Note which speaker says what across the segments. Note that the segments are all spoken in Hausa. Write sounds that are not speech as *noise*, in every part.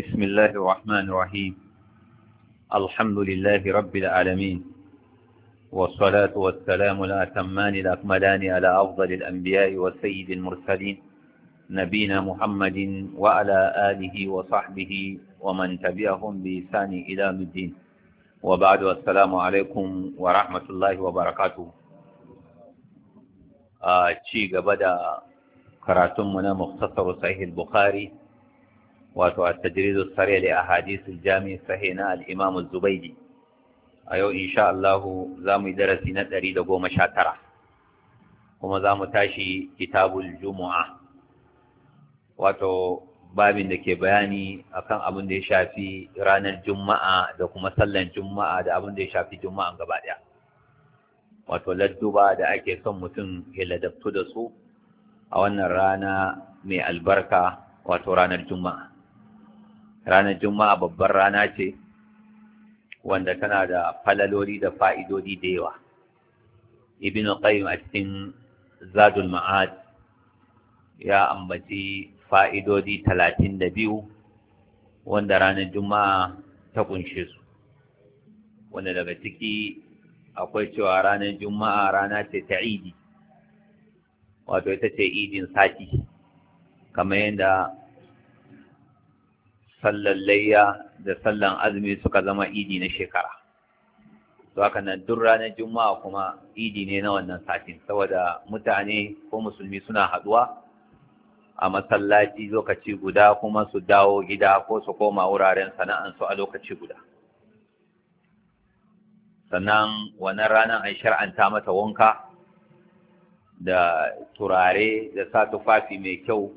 Speaker 1: بسم الله الرحمن الرحيم الحمد لله رب العالمين والصلاة والسلام الأتمان الأكملان على أفضل الأنبياء وسيد المرسلين نبينا محمد وعلى آله وصحبه ومن تبعهم بإحسان إلى الدين وبعد السلام عليكم ورحمة الله وبركاته آه شيء قبل مختصر صحيح البخاري wato a tajirizu sare da a hadisun jami sahi na al'imamun zubaidi a yau insha Allah za mu yi darasi na ɗari da goma sha tara kuma za mu tashi kitabul juma'a wato babin da ke bayani akan abin da ya shafi ranar juma'a da kuma sallan juma'a da abin da ya shafi juma'an gaba ɗaya wato ladduba da ake son mutum ya ladabtu da su a wannan rana mai albarka wato ranar juma'a ranar juma'a babbar rana ce wanda tana da falaloli da fa'idodi da yawa ibn qayyim a cikin zadul ma'ad ya ambaci fa'idodi talatin da biyu wanda ranar juma'a ta kunshe su wanda daga ciki akwai cewa ranar juma'a rana ce ta idi wato ita ce idin sati kamar yadda Sallan layya da sallan azumi suka zama idi na shekara to haka nan duk ranar juma'a kuma idi ne na wannan satin saboda mutane ko musulmi suna haduwa a masallaci lokaci guda kuma su dawo gida ko su koma wuraren sana'ansu a lokaci guda sannan wannan ranar an shar'anta mata wanka da turare da sa tufafi mai kyau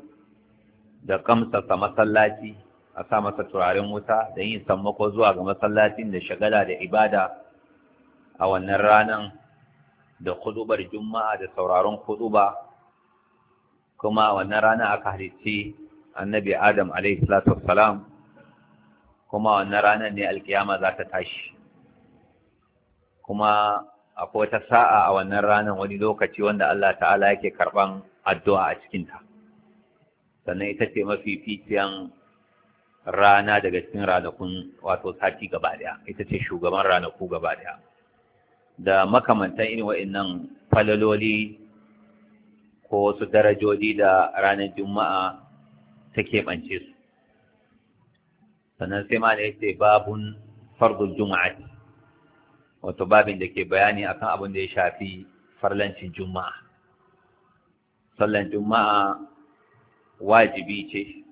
Speaker 1: da kamsasa masallaci a sa masa turaren wuta da yin sammako zuwa ga masallacin da shagala da ibada a wannan ranar da kudubar juma'a da sauraron kuduba kuma a wannan rana aka halicci annabi adam alaihi wassalam kuma wannan ranar ne alkiyama za ta tashi kuma akwai wata sa'a a wannan ranar wani lokaci wanda Allah ta'ala yake karban addu'a a cikinta sannan ita ce mafi mafificiyan rana daga cikin ranakun wato sati gaba daya ita ce shugaban ranaku gaba daya da makamantan irin wa'annan falaloli ko wasu darajoji da ranar juma'a ta keɓance su sannan sai ma da yace babun fardul juma'a wato babin da ke bayani akan abin da ya shafi farlancin juma'a sallan juma'a wajibi ce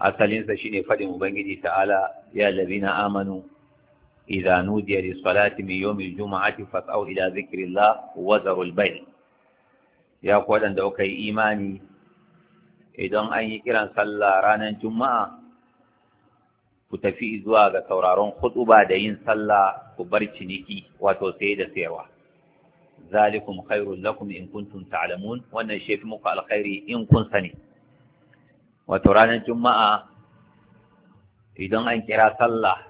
Speaker 1: asalinsa shine faɗin ubangiji ta'ala ya na amanu idza nudiya lis salati min yawmil juma'ati fas'au ila dhikrillah wa zarul bay' ya kwaɗan da kuka yi imani idan an yi kiran sallah ranar juma'a ku tafi zuwa ga sauraron huɗuba da yin sallah ku bar ciniki wato sai da sayarwa zalikum khairul lakum in kuntum ta'lamun wannan shafi muku alkhairi in kun sani wato ranar juma'a idan an kira sallah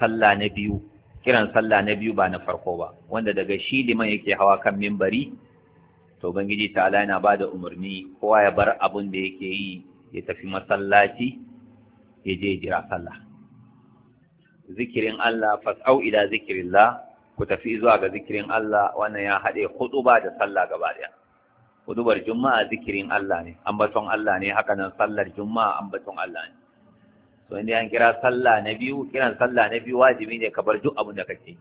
Speaker 1: sallah na biyu kiran sallah na biyu ba na farko ba wanda daga shi liman yake hawa kan mimbari to ubangiji ta'ala yana ba da umarni kowa ya bar abin da yake yi ya tafi masallaci ya je jira sallah zikirin Allah fas'au ila zikirillah ku tafi zuwa ga zikirin Allah wannan ya haɗe ba da sallah gaba ɗaya hudubar juma'a zikirin Allah ne ambaton Allah ne haka nan sallar juma'a ambaton Allah ne to inda an kira sallah na biyu kiran sallah na biyu wajibi ne ka bar duk abin da kake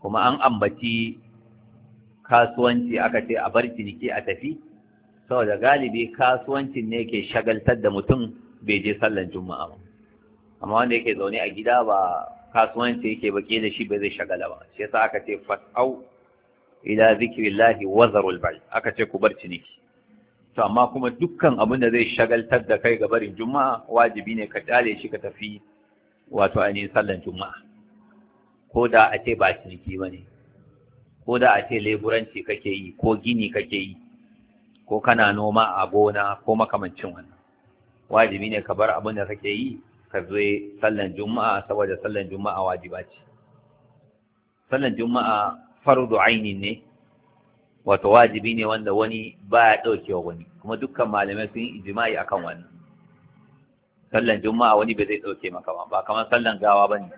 Speaker 1: kuma an ambaci kasuwanci aka ce a bar ciniki a tafi saboda galibi kasuwancin ne ke shagaltar da mutum bai je sallar juma'a ba amma wanda yake zaune a gida ba kasuwanci yake baki da shi bai zai shagala ba shi yasa aka ce fas'au ila lahi wazarul bai aka ce ku bar ciniki to amma kuma dukkan abin da zai shagaltar da kai ga barin juma'a wajibi ne ka kyale shi ka tafi wato ainihin sallan juma'a ko da a ce ba ciniki ba ne ko da a ce leburanci kake yi ko gini kake yi ko kana noma a gona ko makamancin wannan wajibi ne ka bar abin da kake yi ka zo sallan juma'a saboda sallan juma'a wajiba ce sallan juma'a fardu aini ne wato wajibi ne wanda wani ba ya wa wani kuma dukkan malamai sun yi jima'i akan wannan sallan juma'a wani bai zai ɗauke maka ba ba kamar sallan gawa ba ne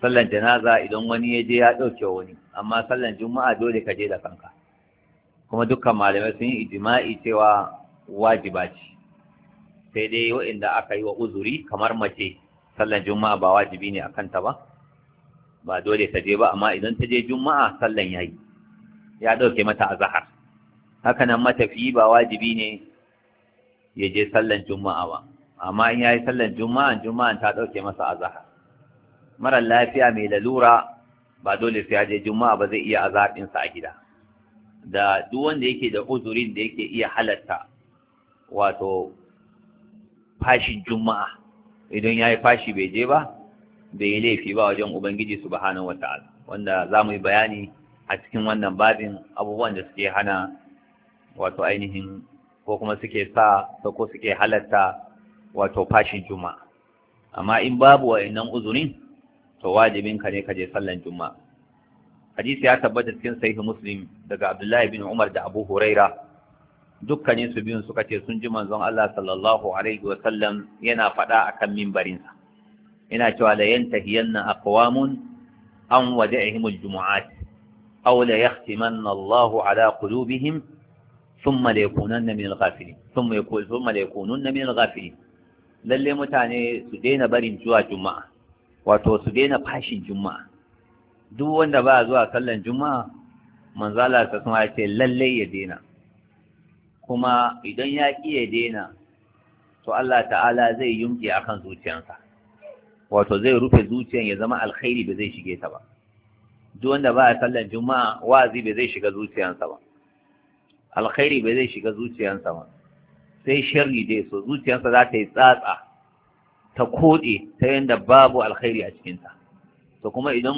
Speaker 1: sallan janaza idan wani ya je ya wa wani amma sallan juma'a dole ka je da kanka kuma dukkan malamai sun yi jima'i cewa wajiba ce sai dai wa'inda aka yi wa uzuri kamar mace sallan juma'a ba wajibi ne a kanta ba ba dole ta je ba amma idan ta je juma'a sallan yayi ya dauke mata azhar haka nan matafi ba wajibi ne ya je sallan juma'a ba amma in yayi sallan juma'a juma'a ta dauke masa azhar mara lafiya mai lalura ba dole sai ya je juma'a ba zai iya azhar din sa a gida da duk wanda yake da uzurin da yake iya halatta wato fashin juma'a idan yayi fashi bai je ba bai yi laifi ba wajen ubangiji subhanahu wata'ala wanda za mu yi bayani a cikin wannan babin abubuwan da suke hana wato ainihin ko kuma suke sa ko suke halatta wato fashin juma'a amma in babu wa'annan uzurin to wajibin ka ne ka je sallan juma'a hadisi ya tabbata cikin sahih muslim daga abdullahi bin umar da abu huraira dukkanin su biyun suka ce sun ji manzon Allah sallallahu alaihi wa sallam yana faɗa akan mimbarinsa ina cewa la yantahiyanna aqwamun an wada'ihim aljumu'at aw la yahtimanna Allah ala qulubihim thumma la yakunanna min alghafilin thumma yakun thumma la yakunanna min alghafilin lalle mutane su daina barin zuwa juma'a wato su daina fashin juma'a duk wanda ba zuwa sallan juma'a manzo Allah ta kuma ya ce lalle ya daina kuma idan ya ki ya daina to Allah ta'ala zai yumke akan zuciyarsa wato zai rufe zuciyan ya zama alkhairi ba zai shige ta ba duk wanda ba a sallan juma'a wazi ba zai shiga zuciyansa ba alkhairi ba zai shiga zuciyansa ba sai sharri dai so zuciyansa za ta yi tsatsa ta koɗi ta yanda babu alkhairi a cikinta to kuma idan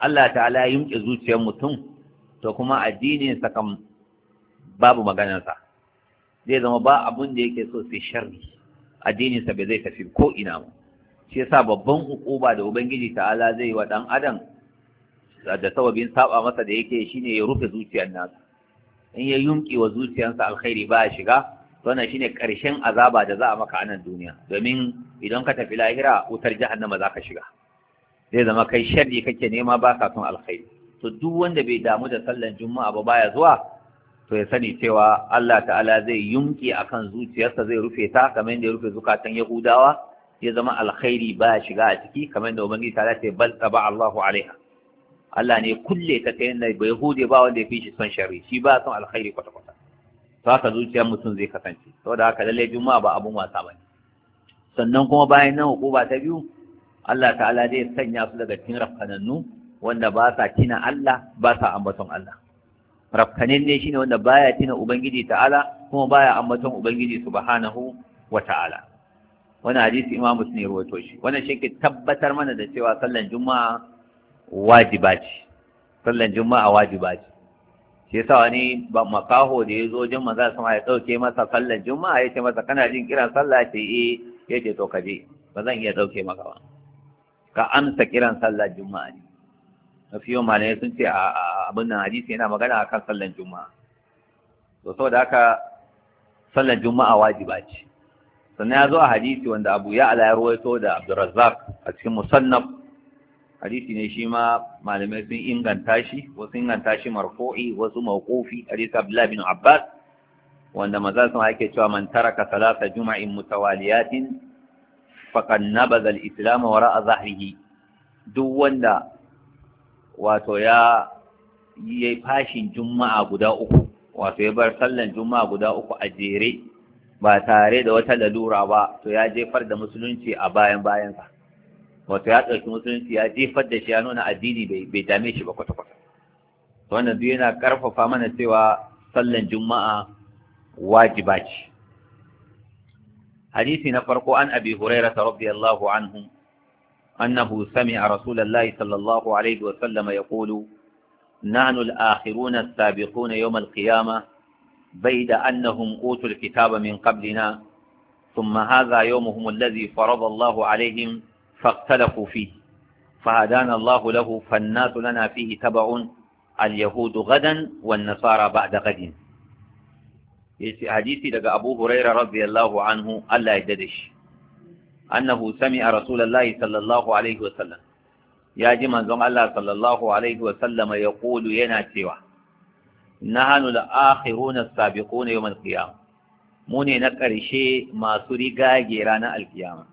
Speaker 1: Allah ta'ala ya yunke zuciyar mutum to kuma sa kam babu maganarsa zai zama ba abun da yake so sai sharri sa bai zai tafi ko ina ba shi yasa babban hukuma da ubangiji ta'ala zai wa dan adam da sababin saba masa da yake shine ya rufe zuciyar nasa in ya yunki wa zuciyarsa alkhairi ba ya shiga wannan shine karshen azaba da za a maka anan duniya domin idan ka tafi lahira wutar jahannama za ka shiga zai zama kai sharri kake nema ba ka son alkhairi to duk wanda bai damu da sallan juma'a ba baya zuwa to ya sani cewa Allah ta'ala zai yunki akan zuciyarsa zai rufe ta kamar yadda ya rufe zukatan yahudawa ya zama alkhairi ba shiga a ciki kamar da ubangi ta ce bal taba Allahu alaiha Allah ne kulle ta kai na bai hude ba wanda ya fi shi son sharri shi ba son alkhairi kwata kwata to haka zuciyar mutum zai kasance saboda haka lallai juma'a ba abun wasa ba sannan kuma bayan nan hukuma ta biyu Allah ta'ala zai sanya su daga cikin rafkanannu wanda ba sa tina Allah ba sa ambaton Allah rafkanin ne shine wanda baya tina ubangiji ta'ala kuma baya ambaton ubangiji subhanahu wa ta'ala wani hadisi imam muslim ya rawaito shi wannan shi ke tabbatar mana da cewa sallan juma'a wajiba ce sallan juma'a wajiba ce shi yasa wani ba makaho da ya zo wajen manzo sama ya dauke masa sallan juma'a ya ce masa kana jin kiran sallah ce eh ya ce to kaje ba zan iya dauke maka ba ka amsa kiran sallah juma'a ne mafi ma malamai sun ce a abin nan hadisi yana magana akan sallan juma'a to saboda haka sallan juma'a wajiba ce sannan ya zo a hadisi wanda abu ya ala ya ruwaito da abdurrazzaq a cikin musannaf hadisi ne shi ma malamai sun inganta shi wasu inganta shi marfoi, wasu mawqufi hadisi abdullahi bin abbas wanda maza sun ake cewa man taraka salata juma'in mutawaliyatin faqad nabadha al-islam wara'a zahrihi duk wanda wato ya yi fashin juma'a guda uku wato ya bar sallan juma'a guda uku a jere ba tare da wata lalura ba to ya jefar da musulunci a bayan bayansa wato ya ɗauki musulunci ya jefar da shi ya nuna addini bai dame shi ba kwata-kwata wannan biyu yana ƙarfafa mana cewa sallan juma'a wajiba ce hadisi na farko an abi huraira hurairah radiyallahu anhu أنه سمع رسول الله صلى الله عليه وسلم يقول نحن الآخرون السابقون يوم القيامة بيد أنهم أوتوا الكتاب من قبلنا ثم هذا يومهم الذي فرض الله عليهم فاختلفوا فيه فهدانا الله له فالناس لنا فيه تبع اليهود غدا والنصارى بعد غد حديثي لك أبو هريرة رضي الله عنه ألا يددش أنه سمع رسول الله صلى الله عليه وسلم يا جمع زم الله صلى الله عليه وسلم يقول ينا سواه nahanu da akhiruna sabiquna yawm al qiyam mu ne na ƙarshe masu rigage ranar alkiyama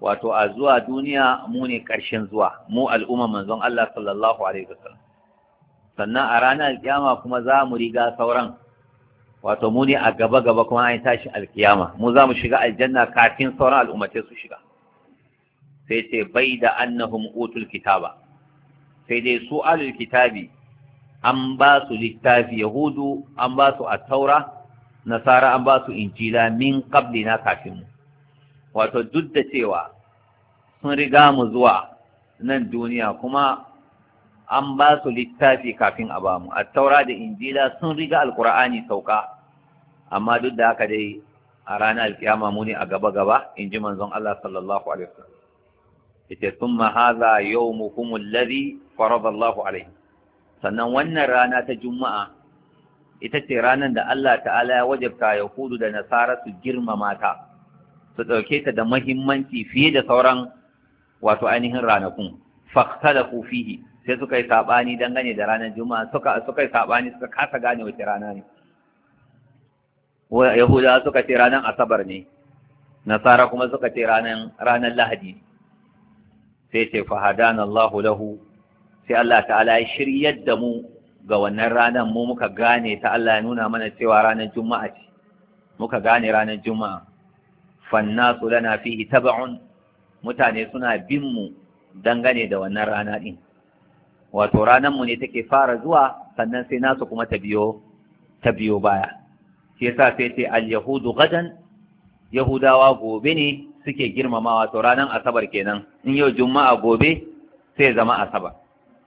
Speaker 1: wato a zuwa duniya mu ne ƙarshen zuwa mu al'umma manzon Allah sallallahu alaihi wasallam sannan a ranar alkiyama kuma za mu riga sauran wato mu ne a gaba gaba kuma an tashi alkiyama mu za mu shiga aljanna kafin sauran al'ummatai su shiga sai ce bai da annahum utul kitaba sai dai su alul kitabi an ba su littafi yahudu an ba su attaura nasara an ba su injila min kabli na kafin mu wato duk da cewa sun riga mu zuwa nan duniya kuma an ba su littafi kafin a bamu attaura da injila sun riga alkur'ani sauka amma duk da haka dai a ranar alkiyama mu ne a gaba gaba in ji manzon Allah sallallahu alaihi wasallam ita thumma hadha yawmukum alladhi farada Allahu alaihi sannan wannan rana ta juma'a ita ce ranar da Allah ta'ala ya wajabta yahudu da nasara su girmama ta su ɗauke ta da mahimmanci fiye da sauran wato ainihin ranakun faktalafu fihi sai suka yi saɓani dangane da ranar juma'a suka suka yi saɓani suka kasa gane wace rana ne yahuda suka ce ranar asabar ne nasara kuma suka ce ranar ranar lahadi sai ce fahadana Allahu lahu sai Allah ta'ala ya shiryar da mu ga wannan ranar mu muka gane ta Allah ya nuna mana cewa ranar juma'a ce muka gane ranar juma'a fannasu lana fihi tab'un mutane suna bin mu dangane da wannan rana din wato ranar mu ne take fara zuwa sannan sai nasu kuma ta biyo ta biyo baya shi yasa sai ce al-yahudu gadan yahudawa gobe ne suke girmamawa to ranar asabar kenan in yau juma'a gobe sai zama asabar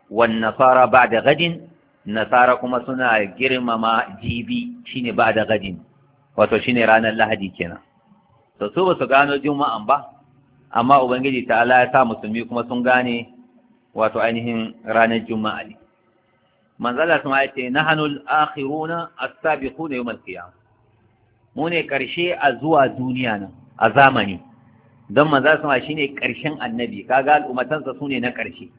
Speaker 1: wan ba da gadin nasara kuma suna girmama jibi shine ba'da gadin wato shine ranar lahadi kenan to su ba su gano juma'an ba amma ubangiji ta Allah ya sa musulmi kuma sun gane wato ainihin ranar juma'a ne manzala sun ya ce na hannun akhiruna a sabi kuna yi malkiya mu ne ƙarshe a zuwa duniya nan a zamani don manzala sun shi ne ƙarshen annabi kaga al'ummatansa sune na karshe.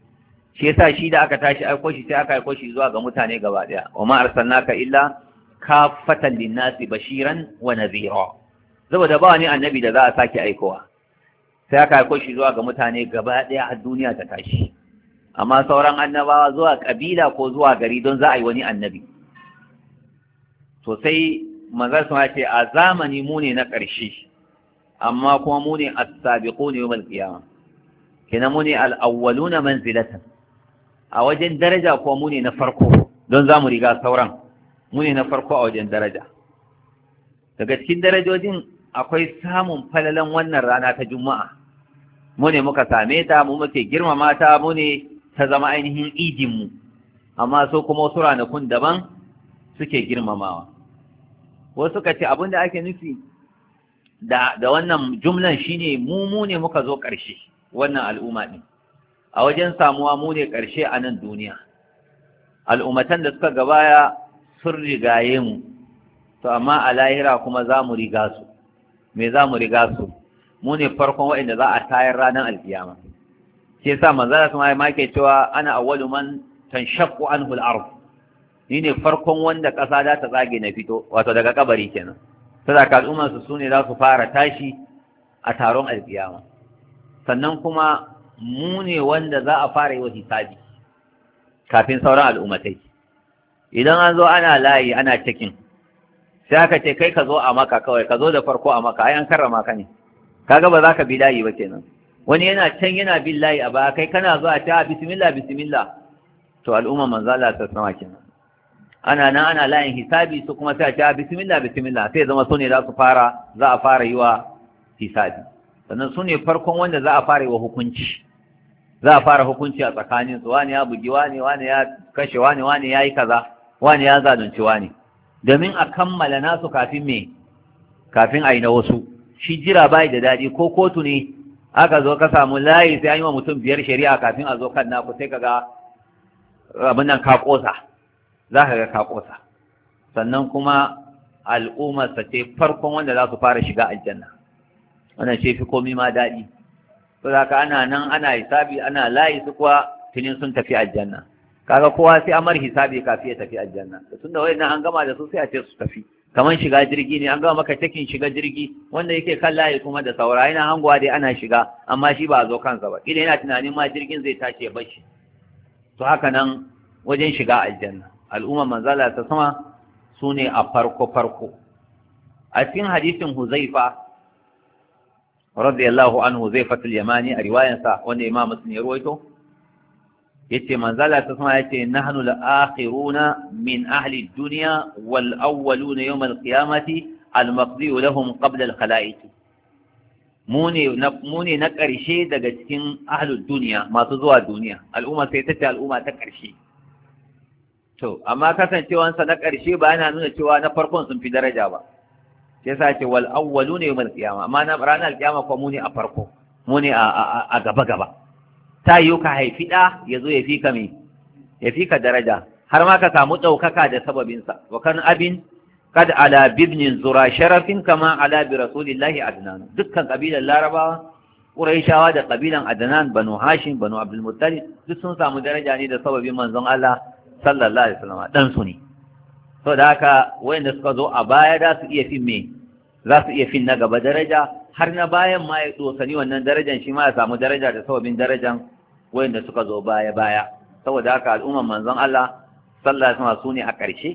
Speaker 1: shi yasa shi da aka tashi aiko shi sai aka aiko shi zuwa ga mutane gaba daya wa ma arsalnaka illa kafatan linnasi bashiran wa nadhira saboda ba wani annabi da za a sake aikowa sai aka aiko shi zuwa ga mutane gaba daya a duniya ta tashi amma sauran annabawa zuwa kabila ko zuwa gari don za a yi wani annabi to sai sun ce a zamani mu ne na ƙarshe amma kuma mu ne as-sabiquna yawm al-qiyamah kenan mu ne al-awwaluna manzilatan a wajen daraja ko mu na farko don za mu riga sauran mu na farko a wajen daraja daga cikin darajojin akwai samun falalan wannan rana ta juma'a mu muka same ta mu muke girmama ta mu ta zama ainihin mu, amma so kuma wasu ranakun daban suke girmamawa wasu suka ce abin da ake nufi da, wannan jumlan shine mu mu muka zo ƙarshe wannan al'umma ɗin a wajen samuwa mu ne ƙarshe a nan duniya al'ummatan da suka gabaya sun rigaye mu to amma a lahira kuma za mu riga su me za mu riga su mu ne farkon waɗanda za a tayar ranar alkiyama ke sa manzara su ma ke cewa ana awwalu man tanshaqqu shakku an ard ni ne farkon wanda ƙasa za ta tsage na fito wato daga kabari kenan sadaka al'ummarsu su ne za su fara tashi a taron alkiyama sannan kuma mu ne wanda za a fara yi wa hisabi kafin sauran al'ummatai idan an zo ana layi ana cikin sai aka ce kai ka zo a maka kawai ka zo da farko a maka ai an karrama ka ne kaga ba za ka bi layi ba kenan wani yana can yana bin layi a baya kai kana zuwa ta ah, bismillah bismillah to al'umma manzo Allah ta sama kenan ana nan ana layin hisabi su kuma sai ta ah, bismillah bismillah sai zama sune za su fara za a fara yi wa hisabi sannan sune farkon wanda za a fara yi wa hukunci za a fara hukunci a tsakaninsu. su wani ya bugi wani wani ya kashe wani wani ya yi kaza wani ya zalunci wani domin a kammala nasu kafin me kafin a yi na wasu shi jira bai da daɗi ko kotu ne aka zo ka samu layi sai an yi wa mutum biyar shari'a kafin a zo kan naku sai kaga abin nan ka kosa za ka ga ka kosa sannan kuma al'ummarsa ce farkon wanda za su fara shiga aljanna wannan ce fi komi ma daɗi saboda ka ana nan ana hisabi ana layi su kuwa tunin sun tafi aljanna kaga kowa sai amar hisabi kafi ya tafi aljanna tun da wayannan an gama da su sai a ce su tafi kamar shiga jirgi ne an gama maka cikin shiga jirgi wanda yake kan layi kuma da saura yana hangowa dai ana shiga amma shi ba a zo kansa ba idan yana tunanin ma jirgin zai tashi ba bashi to haka nan wajen shiga aljanna al'umma manzala ta sama su ne a farko farko a cikin hadisin huzaifa radiyallahu anhu zai fatul yamani a riwayansa wanda imam muslim ya ruwaito yace manzala ta sama yace nahnu al-akhiruna min ahli ad-dunya wal awwaluna yawm al-qiyamati al-maqdi lahum qabla al-khalaiq ne na ƙarshe daga cikin ahlul duniya masu zuwa duniya al'umma sai ta al'umma ta ƙarshe to amma kasancewansa na ƙarshe ba yana nuna cewa na farkon sun fi daraja ba sai sa ce wal awwalu ne yawmal qiyama amma na ranar qiyama ko mu ne a farko mu ne a gaba gaba ta yi ka haifi da yazo ya fika ya daraja har ma ka samu daukaka da sababin sa wa kan abin kad ala bibnin zura sharafin kama ala bi rasulillahi adnan dukkan kabilan larabawa quraishawa da kabilan adnan banu hashim banu abdul muttalib duk sun samu daraja ne da sababin manzon Allah sallallahu alaihi wasallam dan su ne so da haka wayanda suka zo a baya za su iya fin me za su iya fin na gaba daraja har na bayan ma ya tsosani wannan darajan shi ma ya samu daraja da sababin darajan wayanda suka zo baya baya saboda haka al'umman manzon Allah sallallahu alaihi wasallam sune a ƙarshe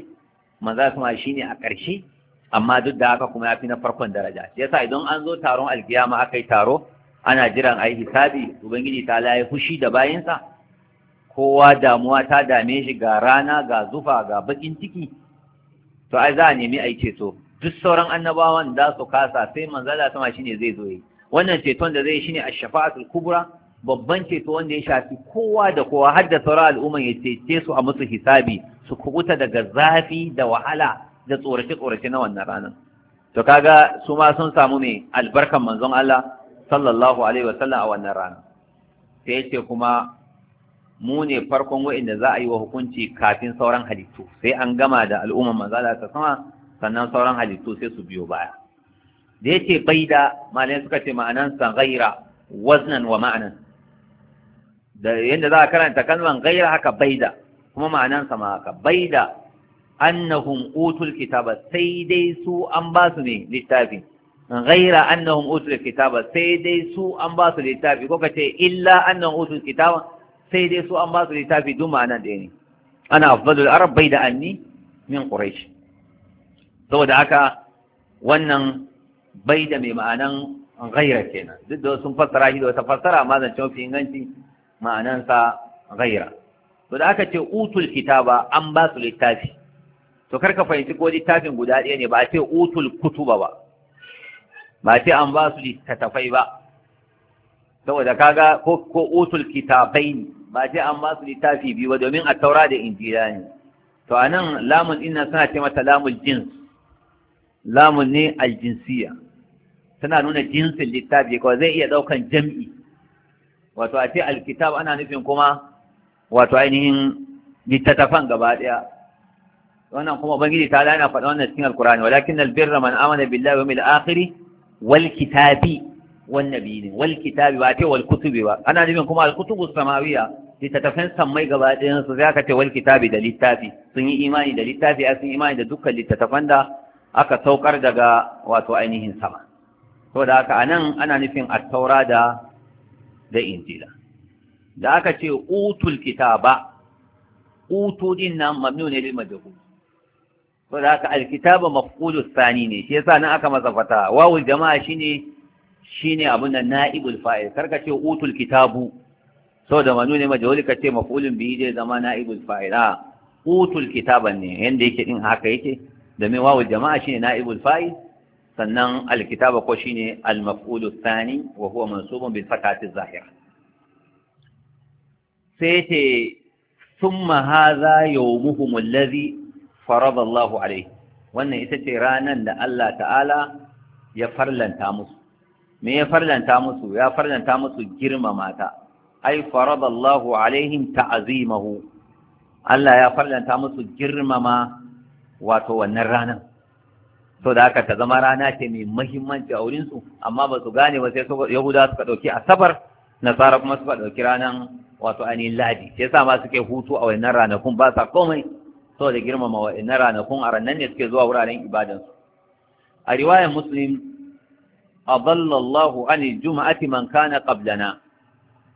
Speaker 1: manzon sama shine a ƙarshe amma duk da haka kuma ya fi na farkon daraja shi yasa idan an zo taron alkiyama aka yi taro ana jiran a hisabi ubangiji ta laye fushi da bayinsa. kowa damuwa ta dame shi ga rana ga zufa ga bakin ciki to ai za a nemi a ceto duk sauran annabawan za su kasa sai manzala sama shine zai zo yi wannan ceton da zai shine ash-shafa'atul kubra babban ceto wanda ya shafi kowa da kowa har da sauran al'umma ya cece su a musu hisabi su kubuta daga zafi da wahala da tsorace tsorace na wannan ranar to kaga su ma sun samu ne albarkan manzon Allah sallallahu alaihi wasallam a wannan rana sai ce kuma mu ne farkon wa'inda za a yi wa hukunci kafin sauran halittu sai an gama da al'umman da ta sama sannan sauran halittu sai su biyo baya da yake baida malai suka ce ma'anansa ghaira waznan wa ma'anan da yadda za a karanta kalman ghaira haka baida kuma ma'anansa ma haka baida annahum utul kitaba sai dai su an ba su ne littafi ghaira annahum utul kitaba sai dai su an ba su littafi ko kace illa annahum utul kitaba sai dai su an ba su littafi duk ma'anar ɗaya ne ana afdalul arab bai da anni min quraish saboda haka wannan bai da mai ma'anan ghaira kenan duk da sun fassara shi da wata fassara amma zan cewa fi ma'anan sa ghaira to da aka ce utul kitaba an ba su littafi to karka fahimci ko littafin guda ɗaya ne ba a ce utul kutuba ba ba ce an ba su littafai ba saboda kaga ko ko utul kitabai ne ba ce an ba su littafi biyu ba domin a taura da injila ne to a nan lamun ina suna ce mata lamun jins lamun ne aljinsiya tana nuna jinsin littafi kawai zai iya ɗaukan jam'i wato a ce alkitab ana nufin kuma wato ainihin littattafan gaba ɗaya wannan kuma ubangiji ta lana faɗa wannan cikin alkurani walakin albirra man amana billahi wal akhir wal kitabi wan nabiyyin wal kitabi ba ta wal kutubi ba ana nufin kuma al kutubus samawiyya littattafan sammai gaba ɗayan su za ka ce wal kitabi da littafi sun yi imani da littafi a sun imani da dukkan littattafan da aka saukar daga wato ainihin sama To da aka anan ana nufin attaura da da injila da aka ce utul kitaba utu din nan mamnu ne lil majhul da aka alkitaba mafqulu thani ne shi yasa nan aka masa fata wawul jama'a shine shine abun nan naibul fa'il ka ce utul kitabu saboda manu ne majhuli ka ce maf'ulun bihi zai zama na'ibul fa'ila utul kitaban ne yanda yake din haka yake da mai wawu jama'a shine na'ibul fa'il sannan alkitaba ko shine al-maf'ulu thani wa huwa mansubun bil fatati zahira sai ce thumma hadha yawmuhum alladhi farada Allahu alayhi wannan ita ce ranan da Allah ta'ala ya farlanta musu me ya farlanta musu ya farlanta musu girmamata. ai faradallahu alaihim ta'azimahu Allah ya farlanta musu girmama wato wannan ranar so da aka ta zama rana ce mai muhimmanci a wurinsu amma ba su gane ba sai yahuda suka ɗauki asabar nasara kuma suka ɗauki ranar wato ainihin ladi sai sa ma suke hutu a wannan ranakun ba sa komai so da girmama wannan ranakun a ranar ne suke zuwa wuraren ibadansu a riwayar muslim aballallahu anil juma'ati man kana qablana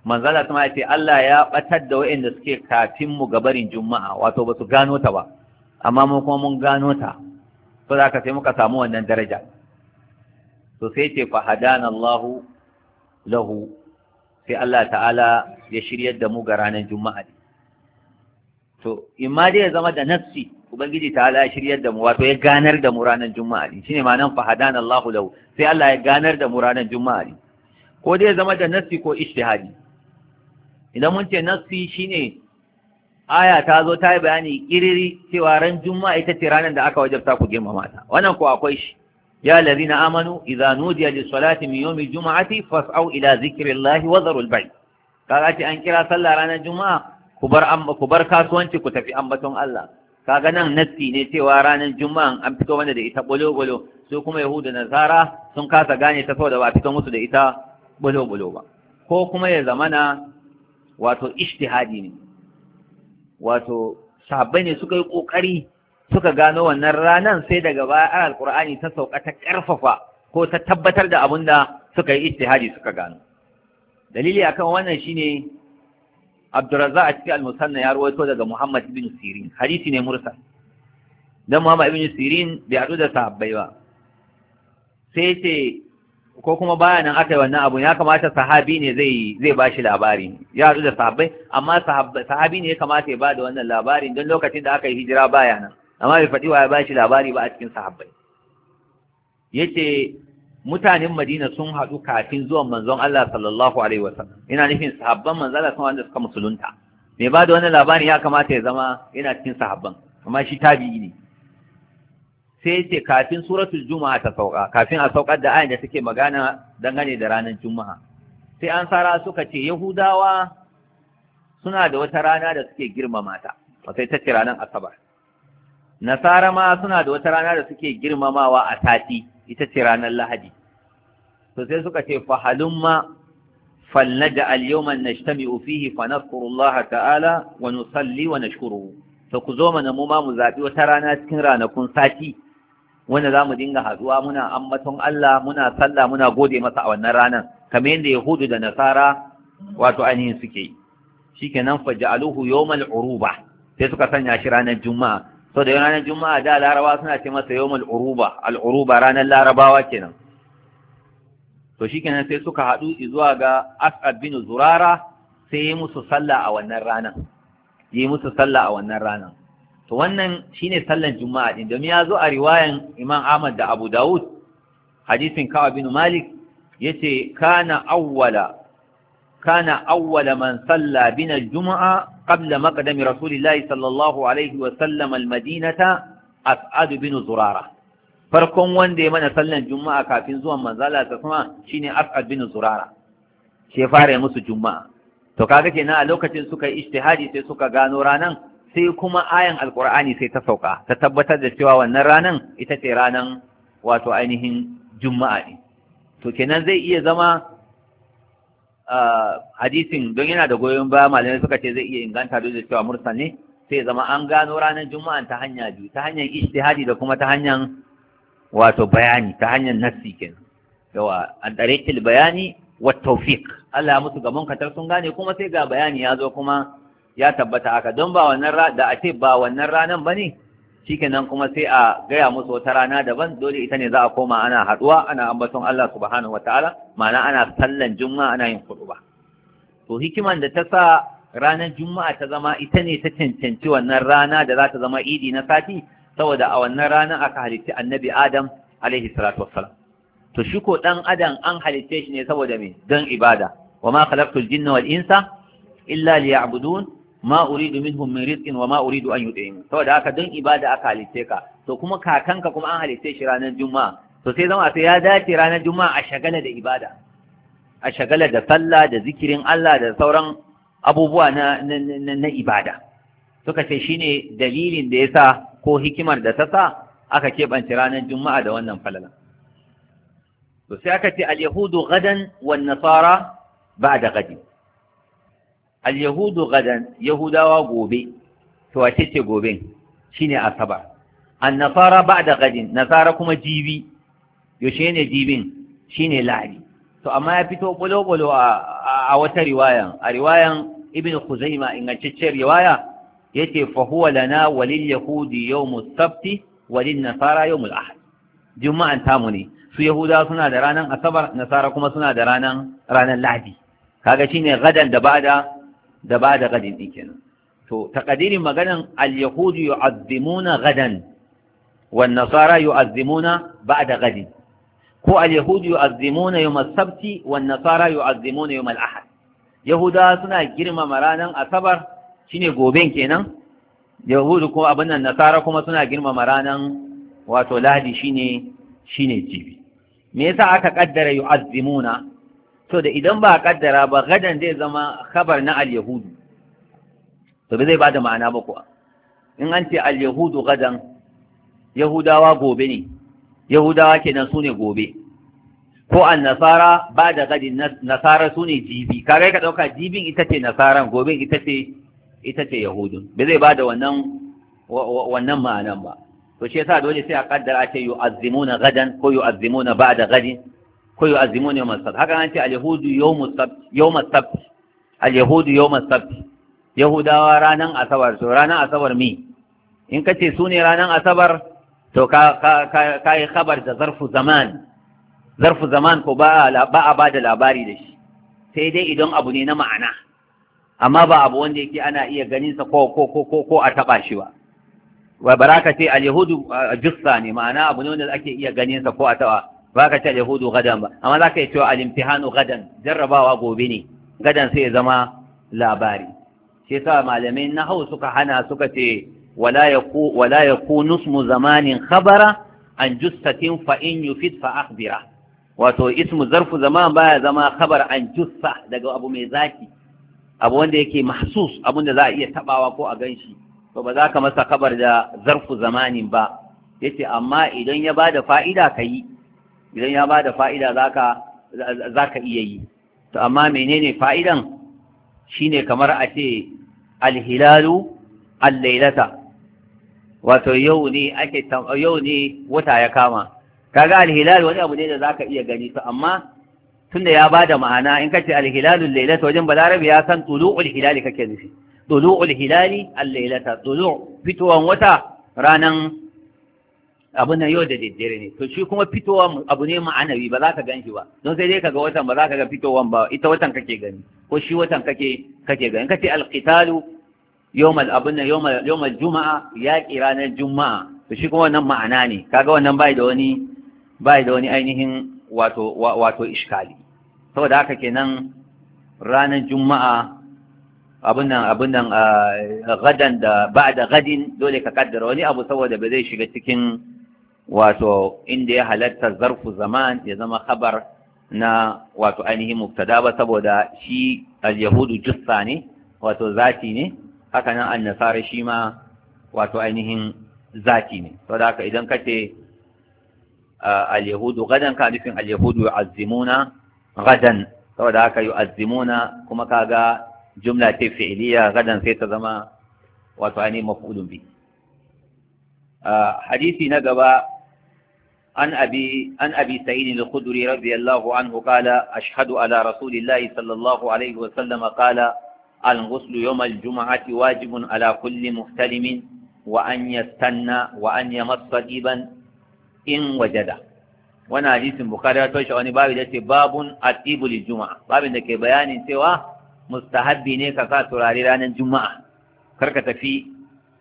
Speaker 1: manzala kuma ya ce Allah ya batar da waɗanda suke kafin mu gabarin juma'a wato ba su gano ta ba amma mu kuma mun gano ta to da ka sai muka samu wannan daraja to sai ce fa hadana Allah lahu sai Allah ta'ala ya shiryar da mu ga ranar juma'a to imma dai ya zama da nafsi ubangiji ta'ala ya shiryar da mu wato ya ganar da mu ranar juma'a shine ma'anar fa hadana Allah lahu sai Allah ya ganar da mu ranar juma'a ko dai ya zama da nafsi ko ishtihadi idan mun ce nassi shine aya ta zo ta yi bayani kiriri cewa ran juma'a ita ce ranar da aka wajabta ku girmama ta wannan ko akwai shi ya lazina amanu idza nudiya lis salati min yawmi juma'ati fas'au ila zikrillahi wa zarul bay kaga ce an kira sallah ranar juma'a ku bar ku bar kasuwanci ku tafi ambaton Allah kaga nan nassi ne cewa ranar juma'a an fito wanda da ita bolo-bolo, su kuma yahudu nasara sun kasa gane ta saboda ba fito musu da ita bolo-bolo ba ko kuma ya zamana wato ishtihadi ne wato sahabbai ne suka yi kokari suka gano wannan ranan sai daga baya ayar alqur'ani ta sauka ta karfafa ko ta tabbatar da abin da suka yi ijtihadi suka gano dalili akan wannan shine Abdurrazzaq a cikin al-Musanna ya rawaito daga Muhammad ibn Sirin hadisi ne mursal dan Muhammad ibn Sirin bai haɗu da sahabbai ba sai ce ko kuma baya nan aka yi wannan abun ya kamata sahabi ne zai zai ba shi labari ya haɗu da sahabbai amma sahabi ne ya kamata ya ba da wannan labarin don lokacin da aka yi hijira baya nan amma bai faɗi wa ya ba shi labari ba a cikin sahabbai yace mutanen Madina sun haɗu kafin zuwan manzon Allah sallallahu alaihi wasallam ina nufin sahabban manzon Allah sun wanda suka musulunta mai ba da wannan labarin ya kamata ya zama yana cikin sahabban amma shi tabi'i ne sai ce kafin suratul juma'a ta sauka kafin a saukar da ayin da suke magana dangane da ranar juma'a sai an sara suka ce yahudawa suna da wata rana da suke girmama ta sai ta ce ranar asabar nasara ma suna da wata rana da suke girmamawa a Tati, ita ce ranar lahadi to sai suka ce na da ta'ala, fahalumma فلنجعل اليوم نجتمع فيه ku zo تعالى ونصلي ma mu zaɓi wata rana cikin ranakun sati. wanda za mu dinga haɗuwa muna ammaton Allah muna sallah muna gode masa a wannan ranar kamar yadda yahudu da nasara wato ainihin suke yi shikenan ja'aluhu yawmal uruba sai suka sanya shi ranar juma'a so da ranar juma'a da larabawa suna ce masa yawmal uruba al uruba ranar larabawa kenan to shikenan sai suka haɗu zuwa ga as'ad bin zurara sai yi musu sallah a wannan ranar yi musu sallah a wannan ranar to wannan shine sallan juma'a din domin ya zo a riwayan imam ahmad da abu dawud hadisin kawa bin malik yace kana awwala kana awwala man salla bina juma'a qabla maqdami rasulillahi sallallahu alaihi wa sallam almadinata as'ad bin zurara farkon wanda ya mana sallan juma'a kafin zuwan manzala ta kuma shine as'ad bin zurara shi fara musu juma'a to kaga kenan a lokacin suka yi ijtihadi sai suka gano ranan sai kuma ayan alkur'ani sai ta sauka ta tabbatar da cewa wannan ranan ita ce ranan wato ainihin juma'a ne to kenan zai iya zama hadisin don yana da goyon baya malamai suka ce zai iya inganta duk da cewa mursa ne sai zama an gano ranar juma'a ta hanya biyu ta hanyar ijtihadi da kuma ta hanyar wato bayani ta hanyar nassi kenan yawa an dare bayani wa tawfiq Allah ya musu gaban katar sun gane kuma sai ga bayani ya zo kuma ya tabbata aka don ba wannan da a ce ba wannan ranan bane shikenan kuma sai a gaya musu wata rana daban dole ita ne za a koma ana haduwa ana ambaton Allah subhanahu wataala ma'ana ana sallan juma'a ana yin khutba to hikiman da ta sa ranar juma'a ta zama ita ne ta cancanci wannan rana da za ta zama idi na sati saboda a wannan rana aka halitti annabi adam alaihi salatu wassalam to shi dan adam an halitte shi ne saboda me don ibada wa ma khalaqtul jinna wal insa illa liya'budun ma uridu minhum min rizqin wa ma uridu an yud'im saboda haka don ibada aka halice ka to kuma kakanka kuma an halice shi ranar juma'a to sai zama sai ya dace ranar juma'a a shagala da ibada a shagala da sallah da zikirin Allah da sauran abubuwa na na ibada suka ce shine dalilin da yasa ko hikimar da ta sa aka keɓance ranar juma'a da wannan falala to sai aka ce al-yahudu gadan wan nasara ba'da gadi al-yahudu gadan yahudawa gobe to wace ce gobe, shine asabar an-nasara ba'da gadin nasara kuma jibi yaushe ne jibin shine lahadi to amma ya fito bolo-bolo a wata riwaya, a riwayan ibn khuzaima ingantacciyar riwaya yace fa huwa lana walil yahudi yawmus sabti walil nasara yawmul ahad juma'an tamu ne su yahuda suna da ranan asabar nasara kuma suna da ranan ranan lahadi kaga shine gadan da ba'da da ba da gadin din kenan to taqdirin maganan al-yahudu yu'azzimuna gadan wan nasara yu'azzimuna ba'da gadin ko al-yahudu yu'azzimuna yawm as-sabt wan nasara yu'azzimuna yawm al-ahad yahuda suna girmama ranan asabar shine goben kenan yahudu kuma abin nan nasara kuma suna girmama ranan wato lahadi shine shine jibi me yasa aka kaddara yu'azzimuna To da idan ba a kaddara ba gadan zai zama khabar na al-yahudu to ba zai ba da ma'ana ba kuwa in an ce al-yahudu gadan yahudawa gobe ne yahudawa kenan su ne gobe ko an nasara ba da gadin nasara su ne jibi kare ka ɗauka jibin ita ce nasaran gobe ita ce ita ce yahudu ba zai ba da wannan wannan ma'anan ba to shi yasa dole sai a kaddara ce yu'azzimuna gadan ko yu'azzimuna ba da gadin ko yi azimu ne masab haka an ce alyahudu yau masab alyahudu yau masab yahudawa ranar asabar to ranar asabar mi in ka ce su ne ranar asabar to ka yi khabar da zarfu zaman zarfu zaman ko ba a ba da labari da shi sai dai idan abu ne na ma'ana amma ba abu wanda yake ana iya ganinsa ko ko ko ko ko a taɓa shi ba wa baraka ce alyahudu jussa ne ma'ana abu ne wanda ake iya ganinsa ko a taɓa ba ka ce yahudu gadan ba amma za ka yi cewa alimtihanu gadan jarrabawa gobe ne gadan sai ya zama labari shi yasa malamai hau suka hana suka ce wala ya ku nusmu zamanin khabara an jussatin fa in fit fa akhbira wato ismu zarfu zaman baya zama khabar an jussa daga abu mai zaki abu wanda yake mahsus abun da za a iya tabawa ko a ganshi to ba za ka masa kabar da zarfu zamanin ba yace amma idan ya bada fa'ida ka idan ya bada fa'ida za ka iya yi to amma menene fa'idan ne kamar a ce alhilalu allailata wato yau ne ake yau ne wata ya kama kaga alhilalu wani abu ne da zaka iya gani to amma tunda ya bada ma'ana in ka ce alhilalu lailata wajen balarabi ya san tulu'ul hilali kake nufi tulu'ul hilali al-lailata tulu' fitowan wata ranan abin nan yau da daddare ne to shi kuma fitowa abu ne ma'anawi ba za ka gan shi ba don sai dai ka ga watan ba za ka ga fitowan ba ita watan kake gani ko shi watan kake kake gani kace alqitalu yawmal abin nan yawmal yawmal juma'a ya ranar juma'a to shi kuma wannan ma'ana ne kaga wannan bai da wani bai da wani ainihin wato wato iskali saboda haka kenan ranar juma'a abun nan abun nan ah, gadan da ba da gadin dole ka kaddara wani abu saboda ba zai shiga cikin wato inda ya halatta zarfu zaman ya zama khabar na wato ainihin mubtada ba saboda shi al-yahudu jussa ne wato zati ne haka nan an-nasara shi ma wato ainihin zati ne saboda haka idan kace al-yahudu gadan ka nufin al-yahudu yu'azzimuna gadan saboda haka yu'azzimuna kuma kaga jumla ta fi'liya gadan sai ta zama wato ainihin maf'ulun bi hadisi na gaba عن أبي, عن أبي سعيد الخدري رضي الله عنه قال أشهد على رسول الله صلى الله عليه وسلم قال الغسل يوم الجمعة واجب على كل محتلم وأن يستنى وأن يمص طيبا إن وجد وانا حديث البخاري توشي واني باب ده باب الطيب للجمعة باب ده كي بيان سوا مستحب ne ka sa turare ranar juma'a karka tafi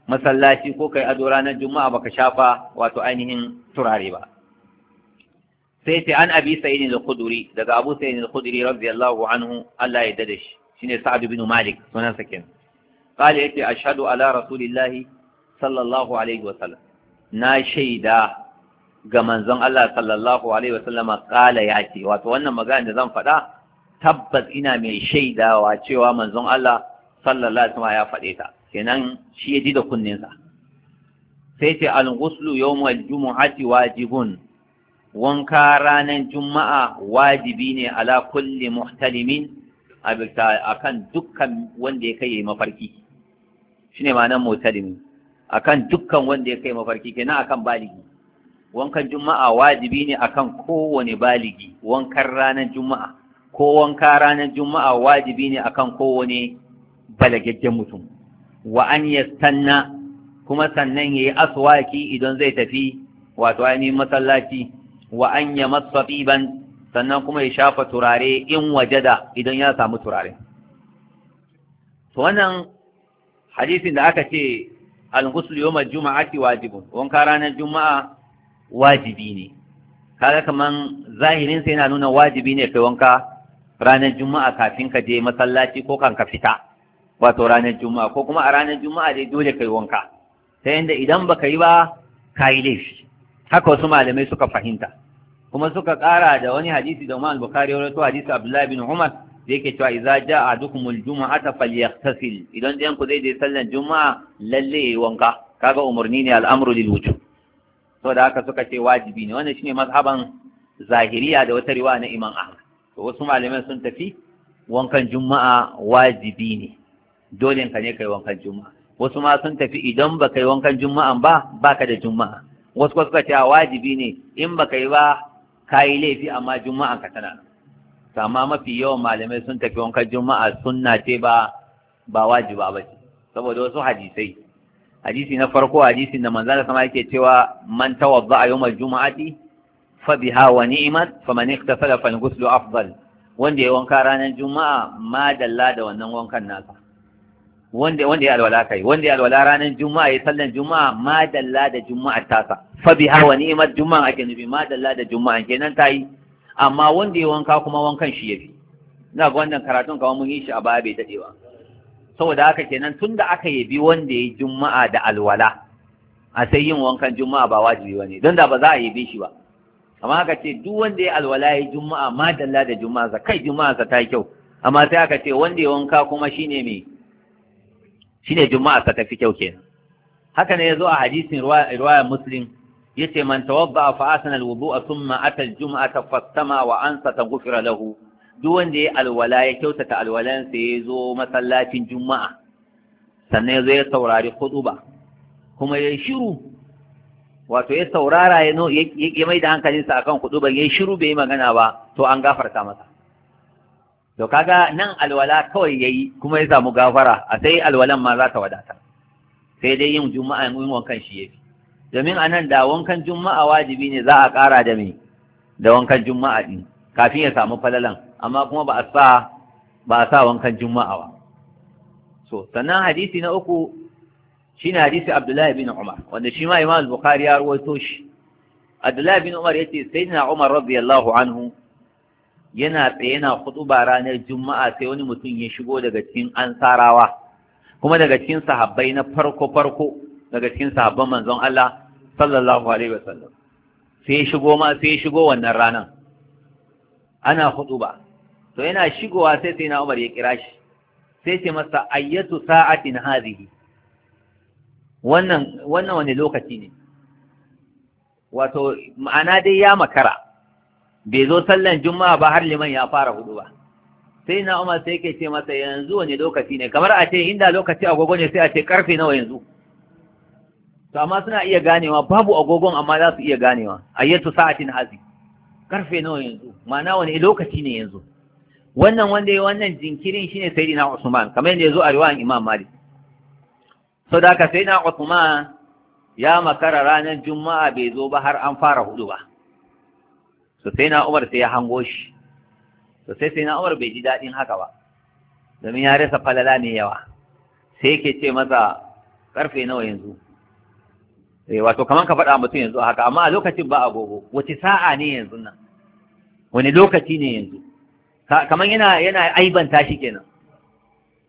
Speaker 1: masallaci ko kai ado ranar juma'a baka shafa wato ainihin turare ba sai ce an abi sa'id da kuduri daga abu sa'id al-khudri radiyallahu anhu Allah ya dade shi shine sa'ad bin malik sunan sa kenan qala yace ashhadu ala rasulillah sallallahu alaihi wa sallam na shaida ga manzon Allah sallallahu alaihi wa sallama qala ce, wato wannan magana da zan faɗa tabbas ina mai shaidawa cewa manzon Allah sallallahu alaihi wa sallama ya faɗe ta kenan shi ya ji da kunninsa sai ce al-ghuslu yawm al-jumu'ati wajibun wanka ranar juma'a wajibi ne ala kulli muhtalimin a kan dukkan wanda ya kai mafarki shi ne ma'anar muhtalimin a kan dukkan wanda ya kai mafarki kenan a kan baligi wankan juma'a wajibi ne akan kowane baligi wankan ranar juma'a ko wanka ranar juma'a wajibi ne akan kowane balagaggen mutum wa an yastanna kuma sannan yayi aswaki idan zai tafi wato ainihin masallaci wa an yamassa sannan kuma ya shafa turare in waje da idan ya samu turare to wannan hadisin da aka ce al-ghusl yawm al-jum'ati wajibun wanka ranar juma'a wajibi ne kaga kaman zahirin sai yana nuna wajibi ne kai wanka ranar juma'a kafin ka je masallaci ko kan ka fita wato ranar juma'a ko kuma a ranar juma'a dai dole kai wanka ta yanda idan baka yi ba ka yi laifi haka wasu malamai suka fahimta kuma suka ƙara da wani hadisi da Umar Bukhari ya rawaito hadisi Abdullah bin Umar da yake cewa idza jaa adukumul ta falyaghtasil idan ɗayan ku zai je sallan juma'a lalle wanka kaga umurni ne al'amru lil wujub to da haka suka ce wajibi ne wannan shine mazhaban zahiriya da wata riwaya na Imam Ahmad to wasu malamai sun tafi wankan juma'a wajibi ne dole ka ne kai wankan juma'a wasu ma sun tafi idan ba kai wankan juma'an ba baka da juma'a wasu wasu ka cewa wajibi ne in baka yi ba ka yi laifi amma juma'a ka tana amma mafi yawan malamai sun tafi wankan juma'a sunna ce ba ba wajiba ba ce saboda wasu hadisai hadisi na farko hadisi da manzala sama yake cewa man tawadda a yawmal juma'ati fa biha wa ni'mat fa man iktasala fal ghuslu afdal wanda ya wanka ranar juma'a ma dalla da wannan wankan nasa wanda wanda ya alwala kai wanda ya alwala ranar juma'a ya sallan juma'a ma dalla da juma'a ta sa. fa bi hawa ni'mat juma'a ake nufi ma dalla da juma'a kenan ta amma wanda ya wanka kuma wankan shi yafi ina ga wannan karatun kawai mun yi shi a baya bai dadewa saboda haka kenan tunda aka yabi wanda ya yi juma'a da alwala a sai yin wankan juma'a ba wajibi bane don da ba za a yabi shi ba amma haka ce duk wanda ya alwala ya juma'a ma dalla da juma'a sa kai juma'a sa ta kyau amma sai aka ce wanda ya wanka kuma shine mai shine juma'a ta tafi kyau kenan haka ne ya zo a hadisin riwaya muslim yace man tawadda fa asana alwudu'a thumma ata ta fastama wa ansa taghfira lahu duk wanda ya alwala ya kyautata alwalan sa yazo masallacin juma'a sannan yazo ya saurari ba, kuma ya shiru wato ya saurara ya mai da hankalinsa akan ba ya shiru bai yi magana ba to an gafarta masa to kaga nan alwala kawai yi kuma ya samu gafara a sai alwalan ma za ta wadata sai dai yin juma'a yin wankan shi ya fi. domin a nan da wankan juma'a wajibi ne za a ƙara da me da wankan juma'a din kafin ya samu falalan amma kuma ba a sa ba a sa wankan juma'a ba so sannan hadisi na uku shine hadisi Abdullahi bin Umar wanda shi ma Imam Bukhari ya rawaito shi Abdullahi bin Umar ya ce sai na Umar radiyallahu anhu yana tsaye yana ba ranar juma'a sai wani mutum ya shigo daga cikin ansarawa kuma daga cikin sahabbai na farko farko daga cikin sahabban manzon Allah sallallahu alaihi wasallam sai shigo ma sai shigo wannan ranar ana ba. to yana shigowa sai sai na Umar ya kira shi sai ce masa ayyatu sa'atin hadhihi wannan wannan wani lokaci ne wato ma'ana dai ya makara bai zo sallan juma'a ba har liman ya fara hudu ba sai na umar sai yake ce masa yanzu wani lokaci ne kamar a ce inda lokaci agogo ne sai a ce karfe nawa yanzu to amma suna iya ganewa babu agogon amma za su iya ganewa ayyatu sa'atin hazi karfe nawa yanzu ma'ana wani lokaci ne yanzu wannan wanda ya wannan jinkirin shine dina Usman kamar yadda zo a riwayan Imam Malik saboda da ka na Usman ya makara ranar juma'a bai zo ba har an fara hudu ba so sai na umar sai ya hango shi so sai sai na umar bai ji daɗin haka ba domin ya rasa falala ne yawa sai yake ce masa ƙarfe nawa yanzu eh wato kaman ka faɗa mutum yanzu haka amma a lokacin ba agogo wace sa'a ne yanzu nan wani lokaci ne yanzu kaman yana yana aibanta shi kenan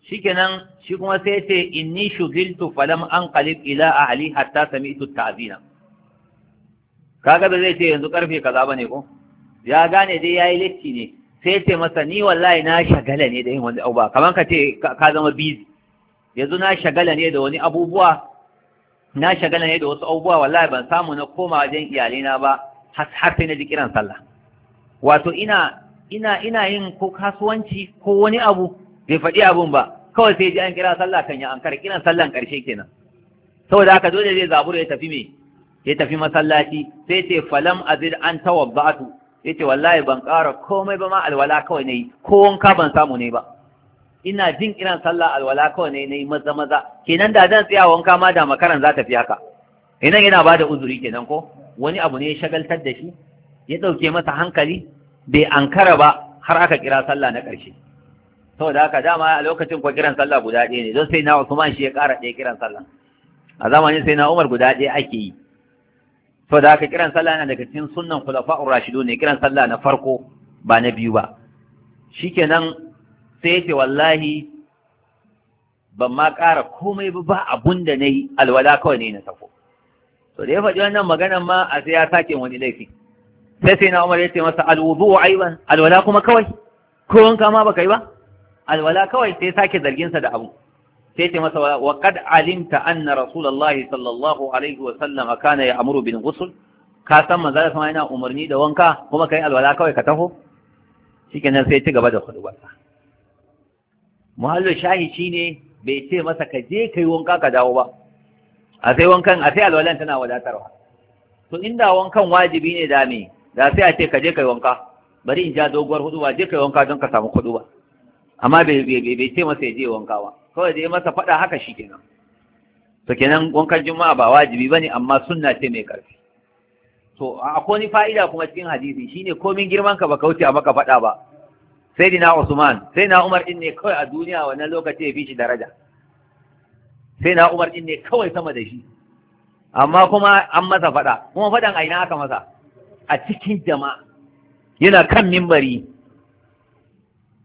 Speaker 1: shikenan shi kuma sai ya ce inni shugiltu falam anqalib ila ahli hatta sami'tu ta'zina kaga da zai ce yanzu karfe kaza bane ko ya gane dai ya yi latti ne sai ce masa ni wallahi na shagala ne da yin wani abu kamar ka ce ka zama busy yanzu na shagala ne da wani abubuwa na shagala ne da wasu abubuwa wallahi ban samu na koma wajen iyalina ba har sai na ji kiran sallah wato ina ina ina yin ko kasuwanci ko wani abu bai faɗi abun ba kawai sai ji an kira sallah kan ya an kar kiran sallah karshe kenan saboda haka dole zai zabura ya tafi me ya tafi masallaci sai ce falam azir an tawabba'atu ya ce wallahi ban ƙara komai ba ma alwala kawai na yi, ko wanka ban samu ne ba ina jin kiran sallah alwala kawai ne yi maza maza kenan da zan tsaya wanka ma da makaran za ta fi haka idan yana ba da uzuri kenan ko wani abu ne ya shagaltar da shi ya ɗauke masa hankali bai ankara ba har aka kira sallah na ƙarshe saboda haka dama a lokacin ko kiran sallah guda ɗaya ne don sai na Usman shi ya ƙara ɗaya kiran sallah a zamanin sai na Umar guda ɗaya ake yi to da aka kiran sallah yana daga cikin sunnan khulafa'ur rashidu ne kiran sallah na farko ba na biyu ba shikenan sai yace wallahi ban ma ƙara komai ba abun da nayi alwala kawai ne na sako to da ya faɗi wannan maganar ma a sai ya sake wani laifi sai sai na Umar yace ce masa alwudu aiban alwala kuma kawai ko wanka ma baka yi ba alwala kawai sai sake zargin sa da abu sai ce masa wa kad alimta anna rasulullahi sallallahu alaihi wa sallam kana amuru bil ghusl ka san manzo Allah yana umarni da wanka kuma kai alwala kawai ka taho shikenan sai ci gaba da khutba muhallu shahi shine bai ce masa ka je kai wanka ka dawo ba a sai wankan a sai alwalan tana wadatarwa to inda wankan wajibi ne da me da sai a ce ka je kai wanka bari in ja doguwar hudu ba je kai wanka don ka samu kudu ba amma bai ce masa ya je wanka ba kawai da ya masa faɗa haka shi kenan to kenan wankan juma'a ba wajibi bane amma sunna ce mai ƙarfi to akwai ni fa'ida kuma cikin hadisi shine komin girman ka baka wuce a maka faɗa ba sai dina Usman sai na Umar din ne kawai a duniya wannan lokaci ya fi shi daraja sai na Umar din ne kawai sama da shi amma kuma an masa faɗa kuma faɗan a ina aka masa a cikin jama'a yana kan mimbari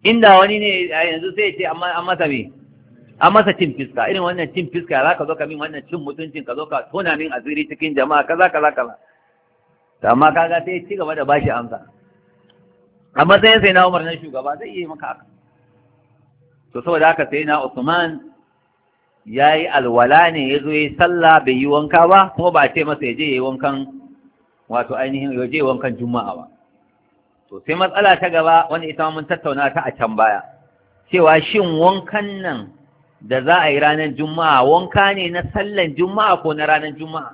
Speaker 1: inda wani ne a yanzu sai ce an masa me an masa cin fiska irin wannan cin fiska za ka zo ka min wannan cin mutuncin ka zo ka tona min asiri cikin jama'a kaza kaza kaza Ta amma ka ga sai ci gaba da bashi amsa amma sai sai na Umar na shugaba zai iya maka haka to saboda haka sai na Usman ya yi alwala ne ya ya yi sallah bai yi wanka ba kuma ba a ce masa ya yi wankan wato ainihin je wankan juma'a ba to sai matsala ta gaba wani ita mun tattauna ta a can baya cewa shin wankan nan da za a yi ranar juma'a wanka ne na sallan juma'a ko na ranar juma'a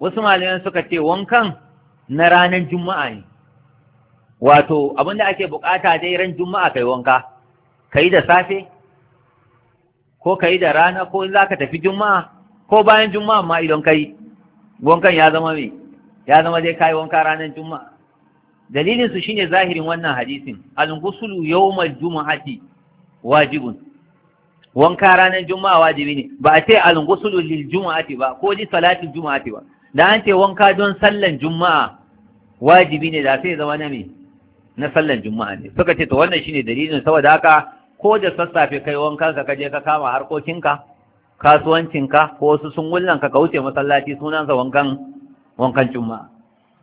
Speaker 1: wasu malaman suka ce wankan na ranar juma'a ne wato abin da ake bukata dai ran juma'a kai wanka kai da safe ko kai da rana ko za ka tafi juma'a ko bayan juma'a ma idan kai wankan ya zama me ya zama dai kai wanka ranar juma'a Dalilinsu shine zahirin wannan hadisin al-ghuslu yawmal jumu'ati wajibun wanka ranar juma'a wajibi ne ba a ce al-ghuslu lil juma'ati ba ko ji salatin juma'ati ba da an ce wanka don sallan juma'a wajibi ne da sai zama na me na sallan juma'a ne suka ce to wannan shine dalilin saboda haka ko da sassafe kai wankan ka kaje ka kama harkokinka kasuwancinka ko wasu sun wullan ka wuce masallaci sunansa wankan wankan juma'a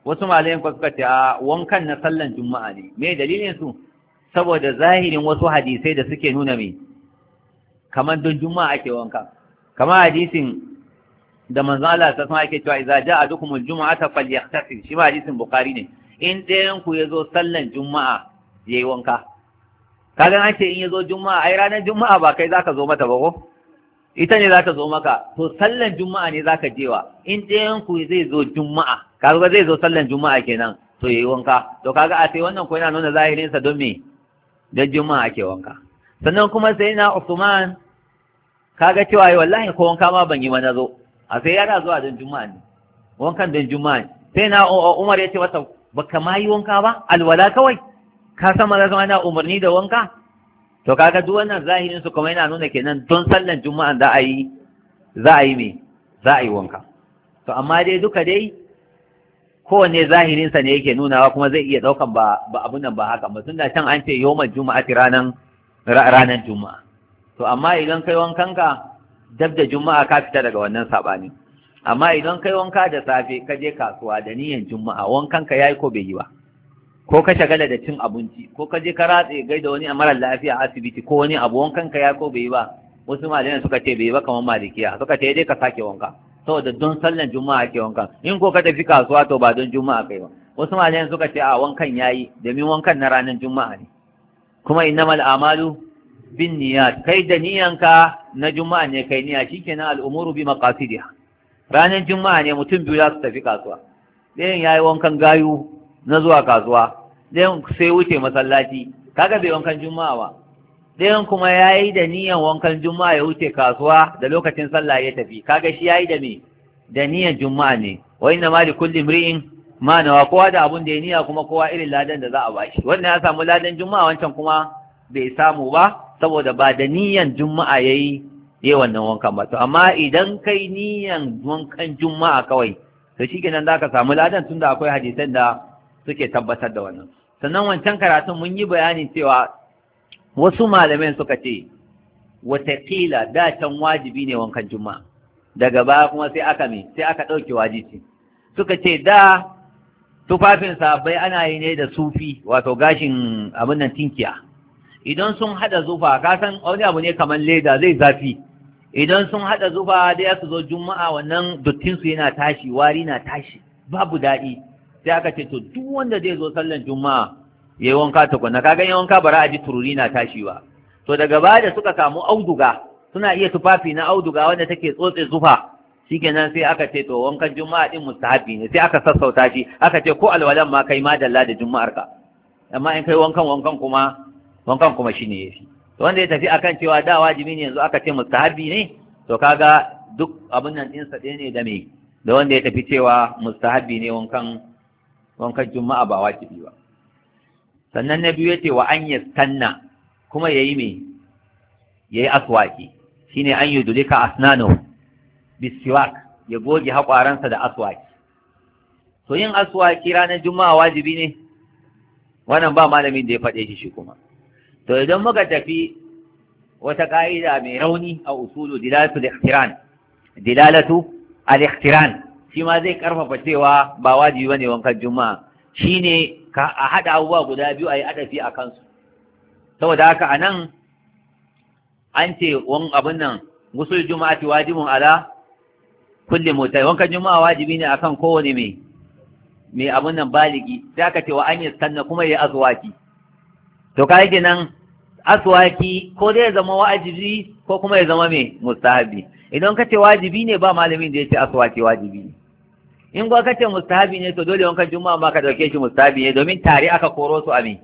Speaker 1: wasu malayen ko suka ce a wankan na sallan juma'a ne me dalilin su saboda zahirin wasu hadisai da suke nuna me kamar don juma'a ake wanka kamar hadisin da manzo Allah ta sama ake cewa idza ja'a dukum aljum'ata falyaghtasil shi ma hadisin bukhari ne in ɗayan ku yazo sallan juma'a yayi wanka kaga an ce in yazo juma'a ai ranar juma'a ba kai zaka zo mata ba ko ita ne zaka zo maka to sallan juma'a ne zaka jewa in ɗayan ku zai zo juma'a kaga zai zo sallan juma'a kenan to yayi wanka to kaga a sai wannan ko yana nuna zahirin sa don me da juma'a ake wanka sannan kuma sai na Usman kaga cewa ai wallahi ko wanka ma ban yi ba nazo. a sai yana zuwa don juma'a ne wankan don juma'a ne sai na Umar ya ce masa baka ma yi wanka ba alwala kawai ka san maza zama na umarni da wanka to kaga duk wannan zahirin su kuma yana nuna kenan don sallan juma'a da a yi za a yi me za a yi wanka to amma dai duka dai kowanne zahirinsa ne yake nunawa kuma zai iya ɗaukan ba abun nan ba haka ba tun da can an ce yawmal juma'a ranan ranar juma'a to amma idan kai wankanka dab da juma'a ka fita daga wannan sabani amma idan kai wanka da safe ka je kasuwa da niyan juma'a wankanka yayi ko bai yi ba ko ka shagala da cin abinci ko ka je ka ratse gai da wani mara lafiya a asibiti ko wani abu wankanka ya ko bai yi ba wasu malamai suka ce bai yi ba kamar malikiya suka ce dai ka sake wanka saboda don sallan juma'a ke wankan in ko ka tafi kasuwa to ba don juma'a kai ba wasu malamai suka ce a wankan yayi domin wankan na ranar juma'a ne kuma innamal amalu bin niyyat kai da niyanka na juma'a ne kai niyya shikenan al'umuru bi maqasidiha ranar juma'a ne mutum biyu za su tafi kasuwa ɗayan yayi wankan gayu na zuwa kasuwa ɗayan sai wuce masallaci kaga bai wankan juma'a ba ɗayan kuma yayi da niyan wankan juma'a ya wuce kasuwa da lokacin sallah ya tafi kaga shi yayi da me da niyan juma'a ne wa inna ma li kulli imri'in manawa kowa da abun da ya niya kuma kowa irin ladan da za a bashi wannan ya samu ladan juma'a wancan kuma bai samu ba saboda ba da niyan juma'a yayi yayi wannan wankan ba to amma idan kai niyan wankan juma'a kawai to shikenan zaka samu ladan tunda akwai hadisan da suke tabbatar da wannan sannan wancan karatun mun yi bayanin cewa wasu malamai suka ce watakila da can wajibi ne wankan juma'a daga baya kuma sai aka me sai aka ɗauke wajibi suka ce da tufafin bai ana yi ne da sufi wato gashin abin nan tinkiya idan sun hada zufa ka wani abu ne kamar leda zai zafi idan sun hada zufa da ya su zo juma'a wannan dottin su yana tashi wari na tashi babu daɗi sai aka ce to duk wanda zai zo sallan juma'a yayi wanka tukunna ka yin wanka bara a ji tururi na tashi ba to daga baya da suka kamu auduga suna iya tufafi na auduga wanda take tsotse zufa kenan sai aka ce to wankan juma'a din mustahabi ne sai aka sassauta shi aka ce ko alwalan ma kai ma dalla da juma'ar ka amma in kai wankan wankan kuma wankan kuma shine yafi to wanda ya tafi akan cewa da wajibi ne yanzu aka ce mustahabi ne to kaga duk abin nan din sa ne da me da wanda ya tafi cewa mustahabi ne wankan wankan juma'a ba wajibi ba sannan na biyu yace wa an yastanna kuma yayi me yayi aswaki shine an yudulika asnanu bisiwak ya goge haƙwaransa da aswaki to yin aswaki ranar juma'a wajibi ne wannan ba malamin da ya faɗe shi shi kuma to idan muka tafi wata ƙa'ida mai rauni a usulu dilalatu al-ihtiran dilalatu al-ihtiran shi ma zai karfafa cewa ba wajibi bane wankan juma'a shine ka a hada abubuwa guda biyu a yi adafi a kansu saboda haka anan an ce wani abin nan gusul juma'ati wajibun ala kulli mutai wankan juma'a wajibi ne akan kowane mai mai abun nan baligi sai aka ce wa an sanna kuma ya azwaki to kai kenan aswaki ko dai zama wajibi ko kuma ya zama mai mustahabi idan ka ce wajibi ne ba malamin da ya ce aswaki wajibi ne in kuwa ka ce mustahabi ne to dole wankan juma'a ma ka dauke shi mustahabi ne domin tare aka koro su a me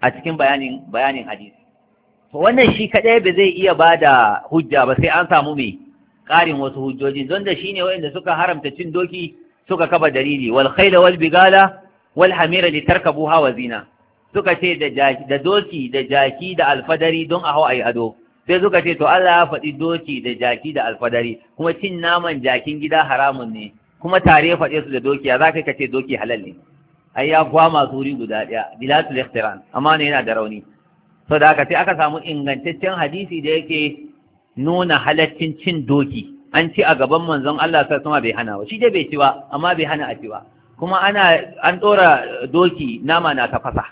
Speaker 1: a cikin bayanin bayanin hadisi to wannan shi kadai ba zai iya bada hujja ba sai an samu mai. ƙarin wasu hujjoji don da shi ne wa'inda suka haramta cin doki suka kaba dalili wal khayla wal bigala wal hamira li tarkabuha wa zina suka ce da doki da jaki da alfadari don a hau ayi ado sai suka ce to Allah ya faɗi doki da jaki da alfadari kuma cin naman jakin gida haramun ne kuma tare ya faɗe su da doki ya zaka kace doki halal ne ai ya kwa masu wuri guda ɗaya bilatul ikhtiran amma ne yana da rauni saboda haka sai aka samu ingantaccen hadisi da yake nuna halaccin cin doki an ci a gaban manzon Allah sai kuma bai hana ba shi dai bai ci ba amma bai hana a ci ba kuma ana an dora doki nama na tafasa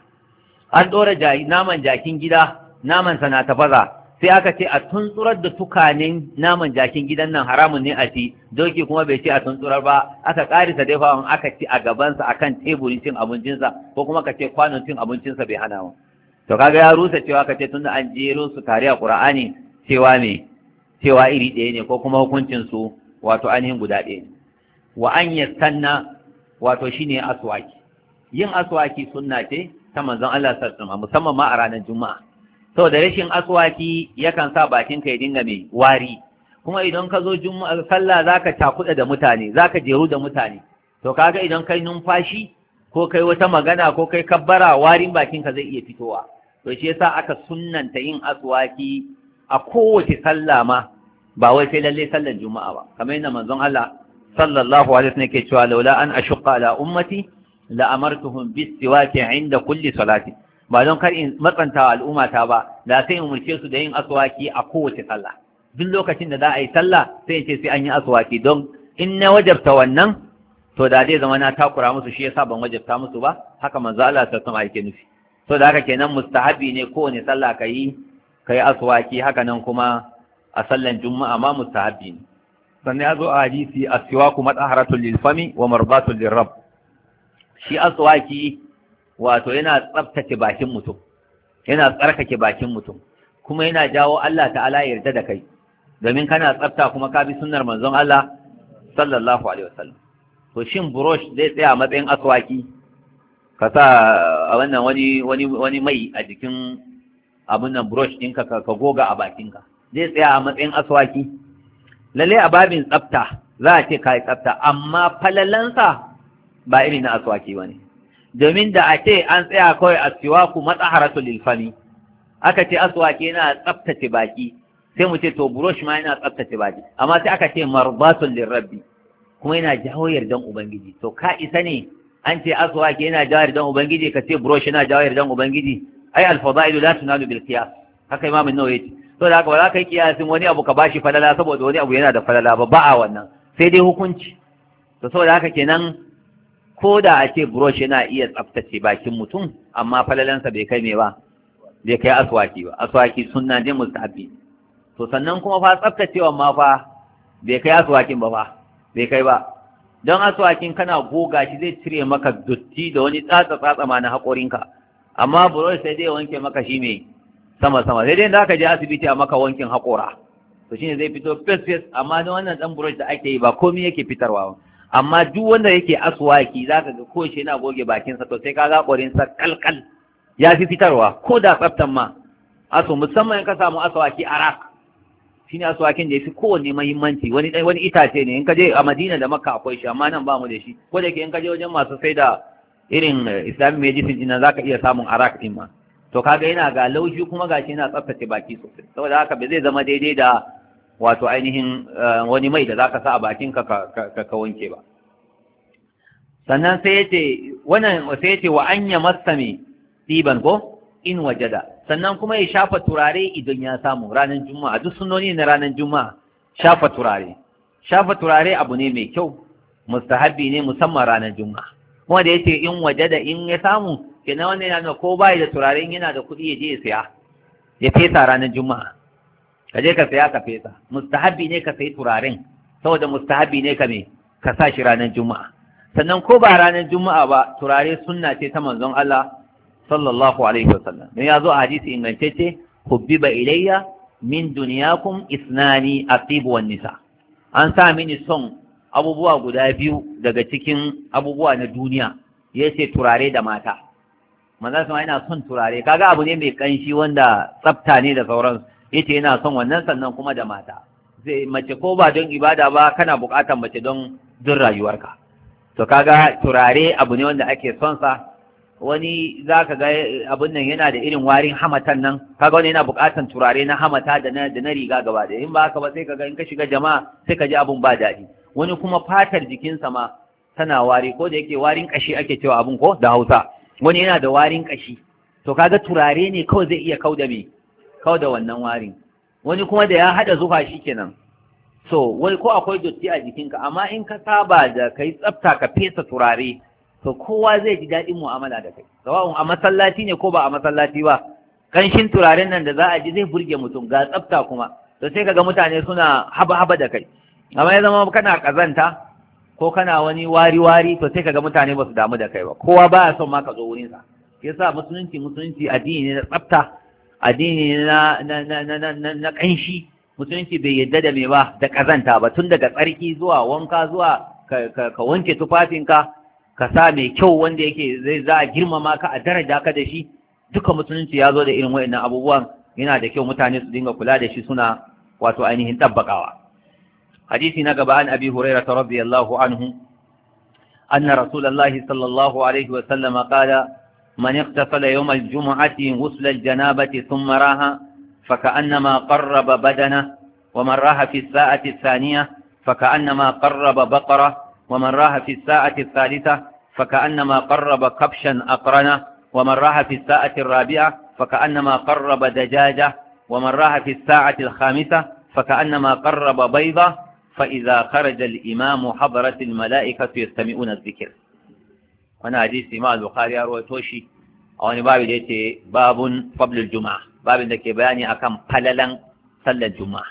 Speaker 1: an dora naman jakin gida naman sa na tafasa sai aka ce a tuntsurar da tukanin naman jakin gidan nan haramun ne a ci doki kuma bai ce a tuntsurar ba aka karisa dai an aka ci a gabansa akan teburin cin abincinsa ko kuma ka ce kwanon cin abincinsa bai hana ba to kaga ya rusa cewa ka ce tunda an jero su tare a qur'ani cewa ne cewa iri ɗaya ne ko kuma hukuncinsu wato ainihin guda ɗaya ne wa an yastanna wato shine aswaki yin aswaki sunna ce ta manzon Allah sallallahu alaihi musamman ma a ranar juma'a Sau da rashin aswaki yakan sa bakin ka ya dinga mai wari kuma idan ka zo juma'a sallah zaka cakuɗa da mutane zaka jeru da mutane to kaga idan kai numfashi ko kai wata magana ko kai kabbara warin bakin ka zai iya fitowa to shi yasa aka sunnanta yin aswaki a kowace sallah ma ba wai sai lalle sallar juma'a ba kamar yadda manzon Allah sallallahu alaihi wasallam ke cewa laula an ashqa ala ummati la amartuhum bis siwaki inda kulli salati ba don kar in matsanta al'umma ta ba da sai in umurce su da yin aswaki a kowace sallah duk lokacin da za a yi sallah sai in ce sai an yi aswaki don in na wajabta wannan to da zai zama na takura musu shi yasa ban wajabta musu ba haka manzo Allah sallallahu alaihi wasallam yake nufi to da haka kenan mustahabi ne kowane sallah ka yi kai aswaki haka nan kuma a sallan juma'a ma mustahabbi ne sannan ya zo a hadisi aswaku mataharatul lil fami wa marbatul lil rabb shi aswaki wato yana tsaftace bakin mutum yana tsarkake bakin mutum kuma yana jawo Allah ta'ala ya yarda da kai domin kana tsafta kuma ka bi sunnar manzon Allah sallallahu alaihi wasallam to shin brush zai tsaya a matsayin aswaki ka sa a wannan wani wani mai a jikin abin nan brush ɗinka ka goga a bakinka zai tsaya a matsayin aswaki lalle a babin tsafta za a ce ka yi tsafta amma falalansa ba irin na aswaki ba ne domin da a ce an tsaya kawai a matsa matsaharatu lilfami aka ce aswaki yana tsaftace baki sai mu ce to brush ma yana tsaftace baki amma sai aka ce marbatun lirrabi kuma yana jawo yardan ubangiji to ka isa ne an ce aswaki yana jawo yardan ubangiji ka ce brush yana jawo yardan ubangiji ai al la tunalu bil qiyas haka imam an-nawawi yace to da haka ba za ka yi kiyasin wani abu ka bashi falala saboda wani abu yana da falala ba ba a wannan sai dai hukunci to saboda haka kenan ko da a ce brush yana iya tsaftace bakin mutum amma falalansa bai kai me ba bai kai aswaki ba aswaki sunna ne mustahabi to sannan kuma fa tsaftacewa ma fa bai kai aswakin ba fa bai kai ba don aswakin kana goga shi zai cire maka dotti da wani tsatsa tsatsa ma na haƙorinka amma brush sai dai wanke maka shi ne sama sama sai dai da ka je asibiti a maka wankin haƙora to shine zai fito fes face amma da wannan dan brush da ake yi ba komai yake fitarwa amma duk wanda yake aswaki zaka ga ko shi na goge bakinsa to sai ka ga sa kalkal ya fi fitarwa ko da tsaftan ma aso musamman in ka samu aswaki arak shine aswakin da ya fi kowanne mahimmanci wani itace ne in ka je a Madina da Makka akwai shi amma nan ba mu da shi ko da ke in ka je wajen masu sai da irin eh, islamic medicine ina za ka iya samun arak ɗin ma to kaga yana ga laushi kuma gashi yana tsaftace baki sosai saboda haka ba zai zama daidai da wato ainihin eh, wani mai da zaka sa a bakin ka ka wanke ba sannan sai ce wannan sai ce wa anya masami diban ko in wajada sannan kuma ya shafa turare idan ya samu ranar juma'a duk sunoni na ranar juma'a shafa turare shafa turare abu ne mai kyau mustahabi ne musamman ranar juma'a kuma da yace in waje da in ya samu kenan wannan yana nuna ko bai da turaren yana da kuɗi ya je ya siya ya fesa ranar juma'a ka je ka saya ka fesa mustahabi ne ka sayi turaren saboda mustahabi ne ka me ka sa shi ranar juma'a sannan ko ba ranar juma'a ba turare sunna ce ta manzon Allah sallallahu alaihi wasallam Dan ya zo a hadisi ingantacce hubbiba ilayya min duniyakum isnani atibu wan nisa an sa mini son abubuwa guda biyu daga cikin abubuwa na duniya ya ce turare da mata manzan sama yana son turare kaga abu ne mai kanshi wanda tsafta ne da sauransu ya ce yana son wannan sannan kuma da mata zai mace ko ba don ibada ba kana buƙatar mace don jin rayuwarka to kaga turare abu ne wanda ake son sa wani za ka ga abin nan yana da irin warin hamatan nan kaga wani yana bukatan turare na hamata da na riga gaba da in ba haka ba sai ka ga in ka shiga jama'a sai ka ji abun ba daɗi wani kuma fatar jikinsa ma tana wari ko da yake warin kashi ake cewa abin ko da Hausa wani yana da warin kashi to kaga turare ne kawai zai iya kauda me kauda wannan warin wani kuma da ya hada zufa shikenan so wai ko akwai dotti a jikinka amma in ka saba da kai tsafta ka fesa turare to kowa zai ji daɗin mu'amala da kai sawa'un a masallaci ne ko ba a masallaci ba kanshin turaren nan da za a ji zai burge mutum ga tsafta kuma to sai kaga mutane suna haba haba da kai amma ya zama kana kazanta ko kana wani wari-wari to sai kaga mutane ba su damu da kai ba kowa baya son ma ka zo wurin sa yasa musulunci musulunci addini ne na tsafta addini ne na na na na na kanshi musulunci bai yadda da me ba da kazanta ba tun daga tsarki zuwa wanka zuwa ka wanke tufafinka ka sa mai kyau wanda yake zai za a girmama ka a daraja ka da shi duka musulunci ya zo da irin waɗannan abubuwan yana da kyau mutane su dinga kula da shi suna wato ainihin tabbakawa حديث نقب عن أبي هريرة رضي الله عنه أن رسول الله صلى الله عليه وسلم قال من اغتسل يوم الجمعة غسل الجنابة ثم راها فكأنما قرب بدنه ومن راها في الساعة الثانية فكأنما قرب بقرة ومن راها في الساعة الثالثة فكأنما قرب كبشا أقرنه ومن راها في الساعة الرابعة فكأنما قرب دجاجة ومن راها في الساعة الخامسة فكأنما قرب بيضة فإذا خرج الإمام حضرت الملائكة يستمعون الذكر وانا حديث ما البخاري روى توشي أو أنا باب ديتي باب قبل الجمعة باب دك بياني أكم فللا صلى الجمعة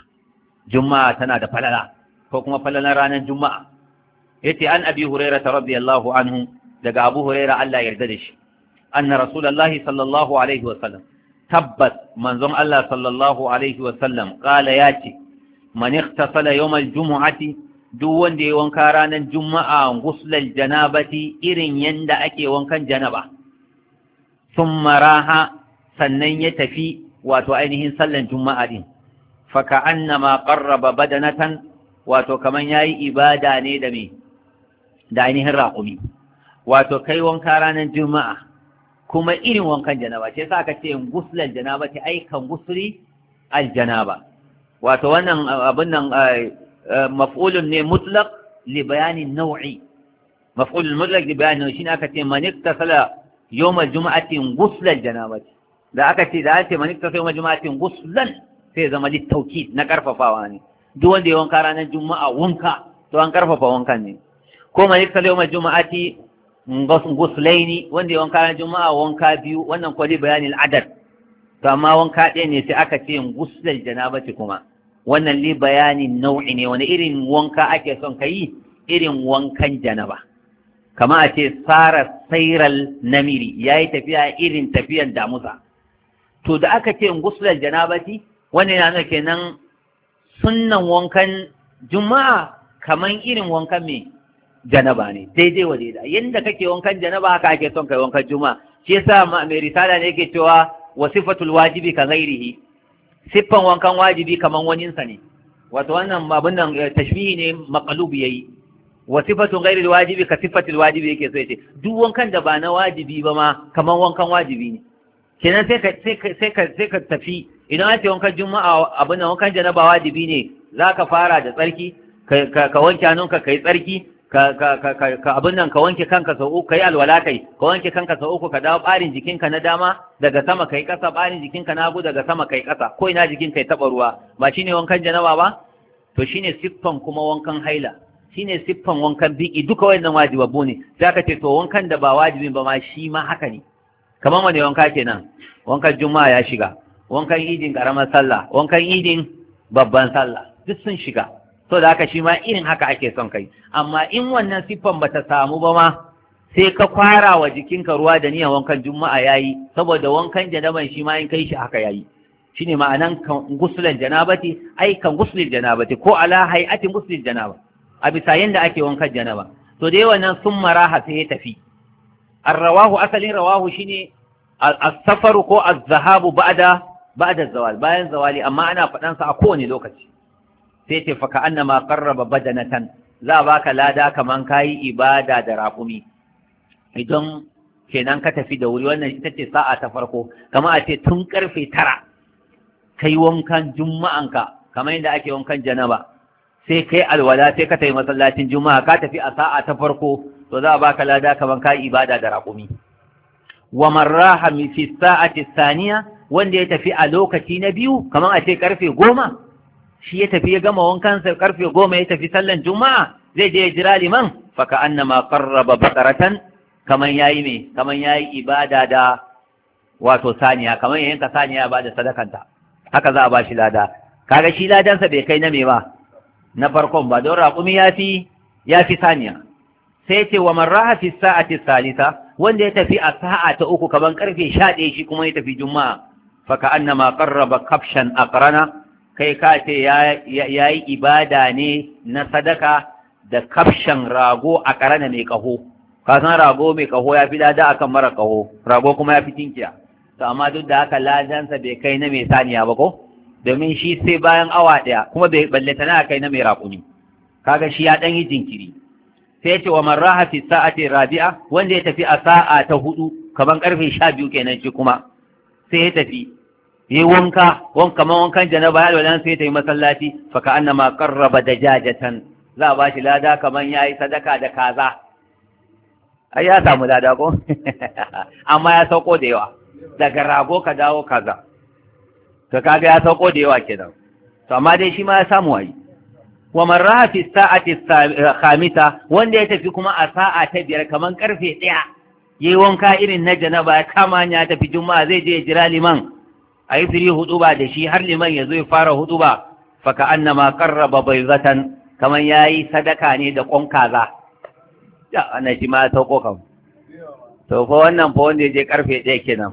Speaker 1: جمعة تنادى فللا فوكما فللا رانا الجمعة يتي أن أبي هريرة رضي الله عنه دقى أبو هريرة ألا يرددش أن رسول الله صلى الله عليه وسلم تبت منظم الله صلى الله عليه وسلم قال ياتي man ikhtasala yawm al-jum'ati duk wanda ya wanka ranar juma'a guslal janabati irin yanda ake wankan janaba thumma raha sannan ya tafi wato ainihin sallan juma'a din fa ka'annama qarraba badanatan wato kaman yayi ibada ne da me da ainihin raƙumi wato kai wanka ranar juma'a kuma irin wankan janaba ce sa ce guslal janaba ce ai kan gusuri aljanaba wato wannan abin nan maf'ulun ne mutlaq li bayanin nau'i maf'ulun mutlaq li bayanin nau'i shine aka ce man iktasala yawmal Juma'atin ghuslan janabati da aka ce da an ce man iktasala yawmal Juma'atin ghuslan sai zama littaukid na karfafawa ne duk wanda ya wanka ranar juma'a wanka to an karfafa wankan ne ko man yaksa yawmal juma'ati guslaini wanda ya wanka ranar juma'a wanka biyu wannan kwali bayanin adad to amma wanka ɗaya ne sai aka ce guslal janabati kuma wannan li bayanin nau'i ne wani irin wanka ake son ka yi irin wankan janaba kama a ce tsara sairal namiri ya yi tafiya irin tafiyan damusa to da aka ce gusular janabati wannan yana kenan sunnan wankan juma'a kaman irin wankan mai janaba ne daidai wa daidai yadda kake wankan janaba haka ake son kai wankan juma'a shi yasa mai risala ne yake cewa wasifatul wajibi ka ghairihi siffan wankan wajibi kaman waninsa ne wato wannan abin nan eh, tashbihi ne maqlub yayi wa sifatun ghairi wajibi ka sifatil wajibi yake so yace duk wankan da ba na wajibi ba ma kaman wankan wajibi ne kenan sai ka sai ka sai ka tafi idan ake wankan juma'a abin nan wankan janaba wajibi ne zaka fara da tsarki ka wanke hannunka kai tsarki ka abin nan ka wanke kanka sau uku kai alwala kai ka wanke kanka sau uku ka dawo barin jikinka na dama daga sama kai kasa barin jikinka na hagu daga sama kai kasa ko ina jikinka ya taba ruwa ba shine wankan janaba ba to shine siffan kuma wankan haila shine siffan wankan biki duka wayannan wajibabu ne sai aka ce to wankan da ba wajibin ba ma shi ma haka ne kamar wani wanka kenan wankan juma'a ya shiga wankan idin karamar sallah wankan idin babban sallah duk sun shiga so da haka shi ma irin haka ake son kai amma in wannan siffan bata samu ba ma sai ka kwara wa jikinka ruwa da niyan wankan juma'a yayi saboda wankan janaban shi ma in kai shi haka yayi shine ma'anan kan gusulan janabati ai kan gusulil janabati ko ala hay'atin gusulil janaba a bisa yanda ake wankan janaba to dai wannan sun maraha sai ya tafi arrawahu asalin rawahu shine a safaru ko az-zahabu ba'da ba'da zawal bayan zawali amma ana faɗansa a kowane lokaci sai ce faka annama qarraba badanatan za baka lada kaman kayi ibada da raƙumi idan kenan ka tafi da wuri wannan ita ce sa'a ta farko kama a ce tun ƙarfe tara yi wankan juma'anka kamar yadda ake wankan janaba sai kai alwala sai ka tafi masallacin juma'a ka tafi a sa'a ta farko to za a baka lada kaman yi ibada da raƙumi wa marraha fi sa'ati wanda ya tafi a lokaci na biyu kamar a ce karfe goma shi ya tafi ya gama wankansa karfe goma ya tafi sallan juma'a zai je ya jira liman faka annama qarraba bakaratan kaman yayi me kaman yayi ibada da wato saniya kaman ya yanka saniya ba da sadakanta haka za a ba shi lada kaga shi ladansa bai kai na me ba na farkon ba don raƙumi ya fi ya fi saniya sai ce wa raha fi sa'ati salisa wanda ya tafi a sa'a ta uku kaman karfe 11 shi kuma ya tafi juma'a faka annama qarraba kafshan aqrana kai ka ce ya yi ibada ne na sadaka da kafshan rago a ƙarana mai ƙaho ka san rago mai ƙaho ya fi dada kan mara ƙaho rago kuma ya fi tinkiya to amma duk da haka ladansa bai kai na mai saniya ba ko domin shi sai bayan awa ɗaya kuma bai ballata na kai na mai raƙumi kaga shi ya ɗan yi jinkiri sai ce wa man raha fi sa'ati rabi'a wanda ya tafi a sa'a ta hudu kaman karfe sha biyu kenan shi kuma sai ya tafi yi wanka wanka ma wankan janaba ya alwala sai ta yi masallaci fa ka annama qarraba dajajatan za a bashi lada kaman yayi sadaka da kaza ai ya samu lada ko *laughs* amma ya sauko da yawa daga rago ka dawo kaza to kaga ya sauko da yawa kenan to amma dai shi ma ya samu wai wa man raha fi sa'ati eh, khamisa wanda ya tafi kuma a sa'a ta biyar kaman karfe daya Yi wanka irin na janaba kama ya tafi juma'a zai je jira liman a yi firi huduba da shi har liman ya zo ya fara huduba faka annama bai zaton. kamar ya yi sadaka ne da ƙwan kaza ya ana shi ma ya sauko kam to ko wannan fa wanda ya je karfe ɗaya kenan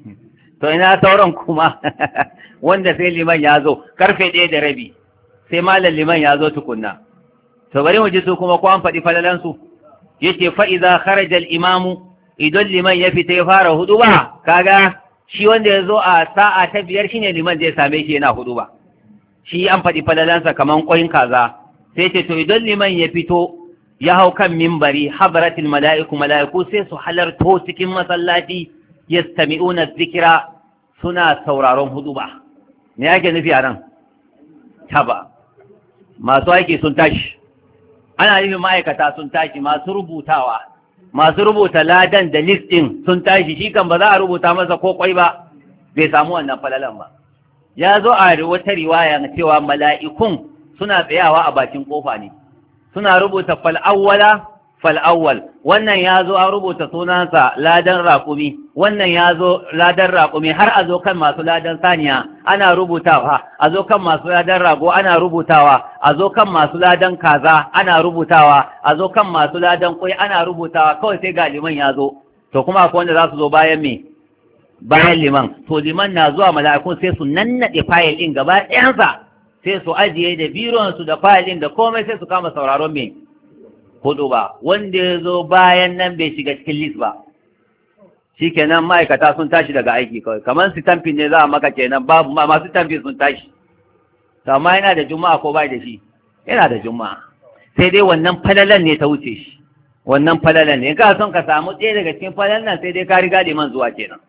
Speaker 1: *laughs* to ina sauran kuma *laughs* wanda sai liman ya zo karfe ɗaya da rabi sai malam liman ya zo tukunna to bari mu ji su kuma ko an faɗi falalansu yace fa iza kharaja al imamu idan liman ya fita ya fara huduba kaga shi wanda ya zo a sa'a ta biyar shine liman zai same shi yana hudu ba shi an faɗi falalansa kamar ƙwayin kaza sai ce to idan liman ya fito ya hau kan mimbari habaratil mala'iku mala'iku sai su halarto cikin masallaci ya yastami'una zikira suna sauraron hudu ba me yake nufi a nan taba masu aiki sun tashi ana nufin ma'aikata sun tashi masu rubutawa masu rubuta ladan da listin sun tashi shi kan ba za a rubuta masa ko kwai ba bai samu wannan falalan ba ya zo a wata riwaya cewa mala'ikun suna tsayawa a bakin kofa ne suna rubuta fal'awwala fal'awwal wannan ya zo an rubuta sunansa ladan raƙumi wannan ya zo ladan raƙumi har a zo kan masu ladan saniya ana rubutawa a zo kan masu ladan rago ana rubutawa a zo kan masu ladan kaza ana rubutawa a zo kan masu ladan kwai ana rubutawa kawai sai ga liman ya zo to kuma akwai wanda za su zo bayan me bayan liman to liman na zuwa mala'ikun sai su nannaɗe fayil ɗin gaba ɗayansa sai su ajiye da su da fayil ɗin da komai sai su kama sauraron me hudu ba wanda ya zo bayan nan bai shiga cikin list ba Shi kenan ma'aikata sun tashi daga aiki kawai kamar su tamfin ne za a maka kenan babu masu tamfin sun tashi amma yana da juma'a ko bai da shi yana da juma'a sai dai wannan falalan ne ta wuce shi wannan falalan ne ka son ka samu ɗaya daga cikin falalan sai dai ka riga da man zuwa kenan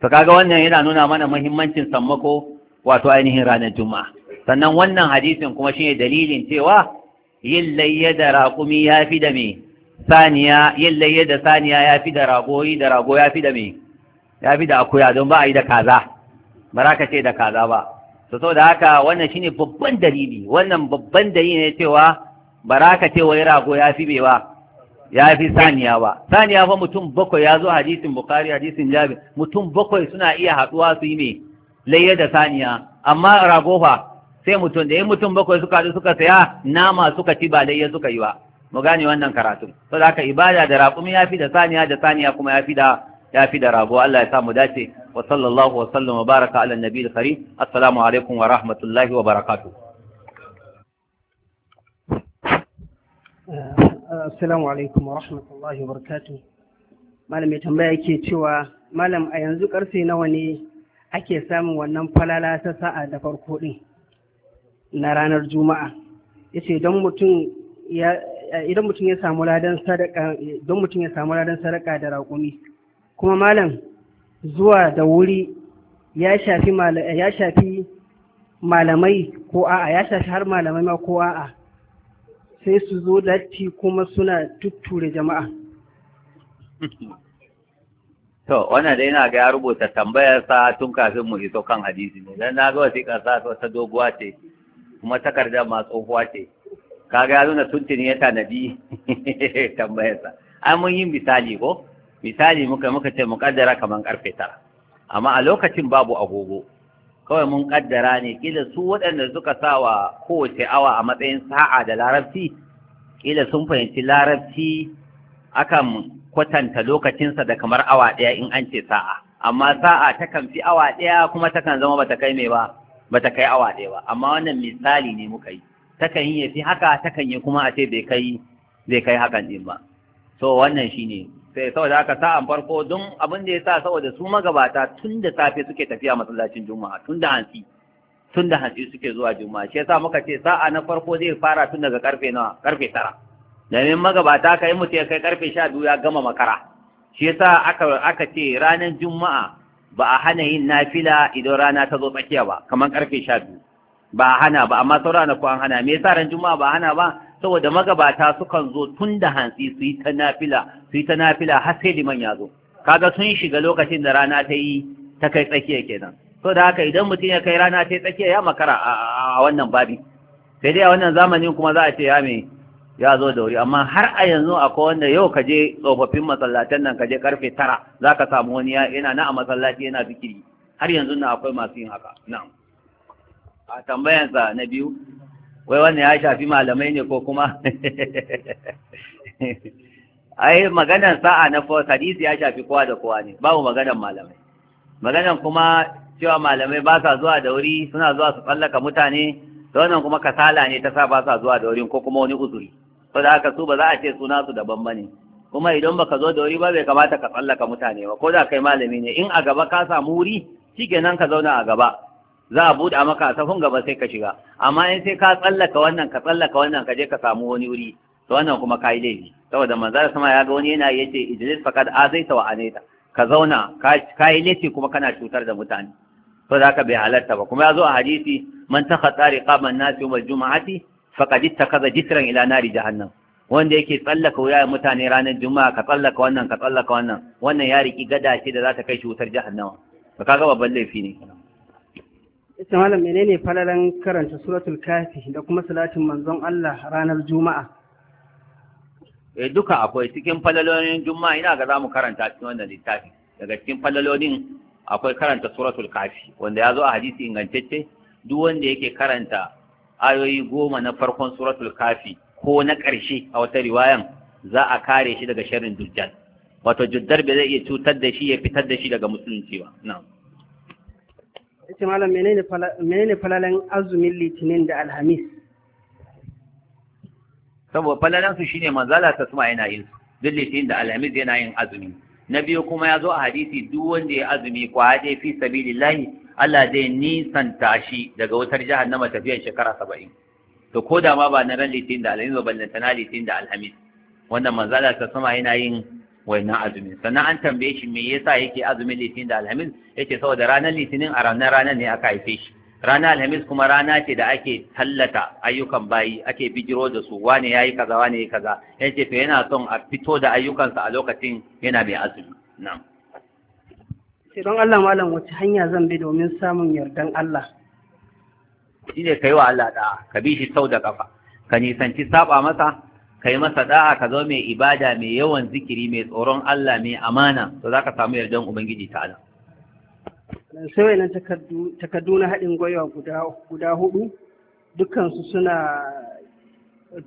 Speaker 1: to kaga wannan yana nuna mana muhimmancin sammako wato ainihin ranar juma'a sannan wannan hadisin kuma shine dalilin cewa yin layya da raƙumi ya fi da me saniya yin layya da saniya ya fi da yi da rago ya fi da me ya fi da akuya don ba a yi da kaza ba za ka ce da kaza ba to da haka wannan shine babban dalili wannan babban dalili ne cewa ba za ka ce wai rago ya fi bewa ya fi saniya ba saniya fa mutum bakwai ya zo hadisin bukari hadisin jabi mutum bakwai suna iya haɗuwa su yi me layya da saniya amma rago fa sai mutum da ya mutum bakwai suka haɗu suka saya nama suka ci ba ya suka yi ba mu gane wannan karatun to da ibada da raƙumi ya fi da saniya da saniya kuma ya fi da ya fi da rago Allah ya sa mu dace wa sallallahu wa sallam wa baraka ala nabi al kari assalamu alaikum wa rahmatullahi wa barakatuh
Speaker 2: uh, assalamu alaikum wa rahmatullahi wa barakatuh malam mai tambaya yake cewa malam a yanzu karfe nawa ne ake samun wannan falala ta sa'a da farko din na ranar juma'a yace ce idan mutum ya samu ladan sadaka don mutum ya samu ladan sadaka da raƙumi kuma malam zuwa da wuri ya shafi ya malamai ko a'a ya shafi har malamai ma ko a'a sai su zo latti kuma suna tutture jama'a *laughs*
Speaker 1: to wannan dai na ga ya rubuta tambayar sa tun kafin mu iso kan hadisi ne dan na ga wasiƙar sa ta doguwa ce kuma takarda ma tsohuwa ce kaga ya nuna tuntuni ya tanadi *laughs* tambayarsa ai mun yi misali ko misali muka muka ce mu kaddara kaman karfe tara amma a lokacin babu agogo kawai mun kaddara ne kila su waɗanda suka sawa kowace awa a matsayin sa'a da larabci kila sun fahimci larabci akan kwatanta lokacinsa da kamar awa ɗaya in an ce sa'a amma sa'a takan fi awa ɗaya kuma takan zama bata kai mai ba ba ta kai awa ɗaya ba amma wannan misali ne muka yi takan yi fi haka takan yi kuma a ce bai kai bai kai hakan din ba so wannan shine sai saboda haka sa'an farko don abin da ya sa saboda su magabata tun da safe suke tafiya masallacin juma'a tun da hansi tun da hansi suke zuwa juma'a shi yasa muka ce sa'a na farko zai fara tun daga karfe nawa karfe tara domin magabata kai mutum ya kai karfe sha biyu ya gama makara shi yasa aka ce ranar juma'a ba a hana yin nafila idan rana ta zo tsakiya ba kamar karfe sha biyu ba a hana ba amma sauran ranaku an hana me yasa ran juma'a ba hana ba saboda magabata sukan zo tun da hantsi su yi ta nafila su yi ta nafila har sai liman ya zo kaga sun shiga lokacin da rana ta yi ta kai tsakiya kenan so da haka idan mutum ya kai rana ta yi tsakiya ya makara a wannan babi sai dai a wannan zamanin kuma za a ce ya me ya zo da wuri amma har a yanzu akwai wanda yau ka je tsofaffin masallatan nan ka je karfe tara za ka samu wani yana na a masallaci yana zikiri har yanzu na akwai masu yin haka na. a tambayansa na biyu wai wanda ya shafi malamai ne ko kuma *laughs* ai maganan sa'a na fos hadisi ya shafi kowa da kowa ne babu maganan malamai maganan kuma cewa malamai ba sa zuwa da wuri suna zuwa su tsallaka mutane da wannan kuma kasala ne ta sa ba sa zuwa da wurin ko kuma wani uzuri ko da haka su ba za a ce suna su daban ba ne kuma idan baka zo da wuri ba bai kamata ka tsallaka mutane ba ko da kai malami ne in a gaba ka samu wuri nan ka zauna a gaba za a buɗe maka a safin gaba sai ka shiga amma in sai ka tsallaka wannan ka tsallaka wannan ka je ka samu wani wuri to wannan kuma ka yi laifi saboda manzo sama ya ga wani yana yace idris fakad azaita wa anaita ka zauna ka yi laifi kuma kana cutar da mutane to da haka bai halarta ba kuma ya zo a hadisi man takhatta riqaban nasi yawm al-jum'ati faqad ittakaza jitran ila nari jahannam wanda yake tsallaka wuya mutane ranar juma'a ka tsallaka wannan ka tsallaka wannan wannan ya riki gada ce da za ta kai shi wutar jahannama ba kaga babban laifi ne
Speaker 2: ita malam menene falalan karanta suratul kafi da kuma salatin manzon Allah ranar juma'a
Speaker 1: eh duka akwai cikin falalolin juma'a ina ga zamu karanta cikin wannan littafi daga cikin falalolin akwai karanta suratul kafi wanda ya zo a hadisi ingantacce duk wanda yake karanta ayoyi goma na farkon suratul kafi ko na ƙarshe a wata riwayan za a kare shi daga sharrin dujjal wato juddar bai zai iya cutar da shi ya fitar da shi daga musulunci ba na'am
Speaker 2: ita malam menene falalan azumin litinin da alhamis
Speaker 1: saboda falalan su shine manzala ta suma yana yin su duk litinin da alhamis yana yin azumi na biyu kuma ya zo a hadisi duk wanda ya azumi kwa ya fi sabilillahi Allah zai nisanta shi daga wutar jahannama tafiyar shekara saba'in to ko da ma ba na ran litin da alhamis ba ballanta na litin da alhamis wannan manzala ta sama yana yin wannan azumi sannan an tambaye shi me yasa yake azumin litin da alhamis yake saboda ranar litinin a ranar ranar ne aka haife shi ranar alhamis kuma rana ce da ake tallata ayyukan bayi ake bijiro da su wane ya yi kaza wane ya yi kaza yace to yana son a fito da ayyukansa a lokacin yana mai azumi
Speaker 2: na'am Sai don Allah malam wace hanya zan bi domin samun yardan Allah
Speaker 1: shi ne kai wa Allah da'a ka bi shi sau da kafa ka nisanci saba masa ka yi masa da'a ka zo mai ibada mai yawan zikiri mai tsoron Allah mai amana to za ka samu yardan ubangiji ta ta'ala
Speaker 2: sai wayannan takardu na haɗin gwiwa guda hudu dukansu suna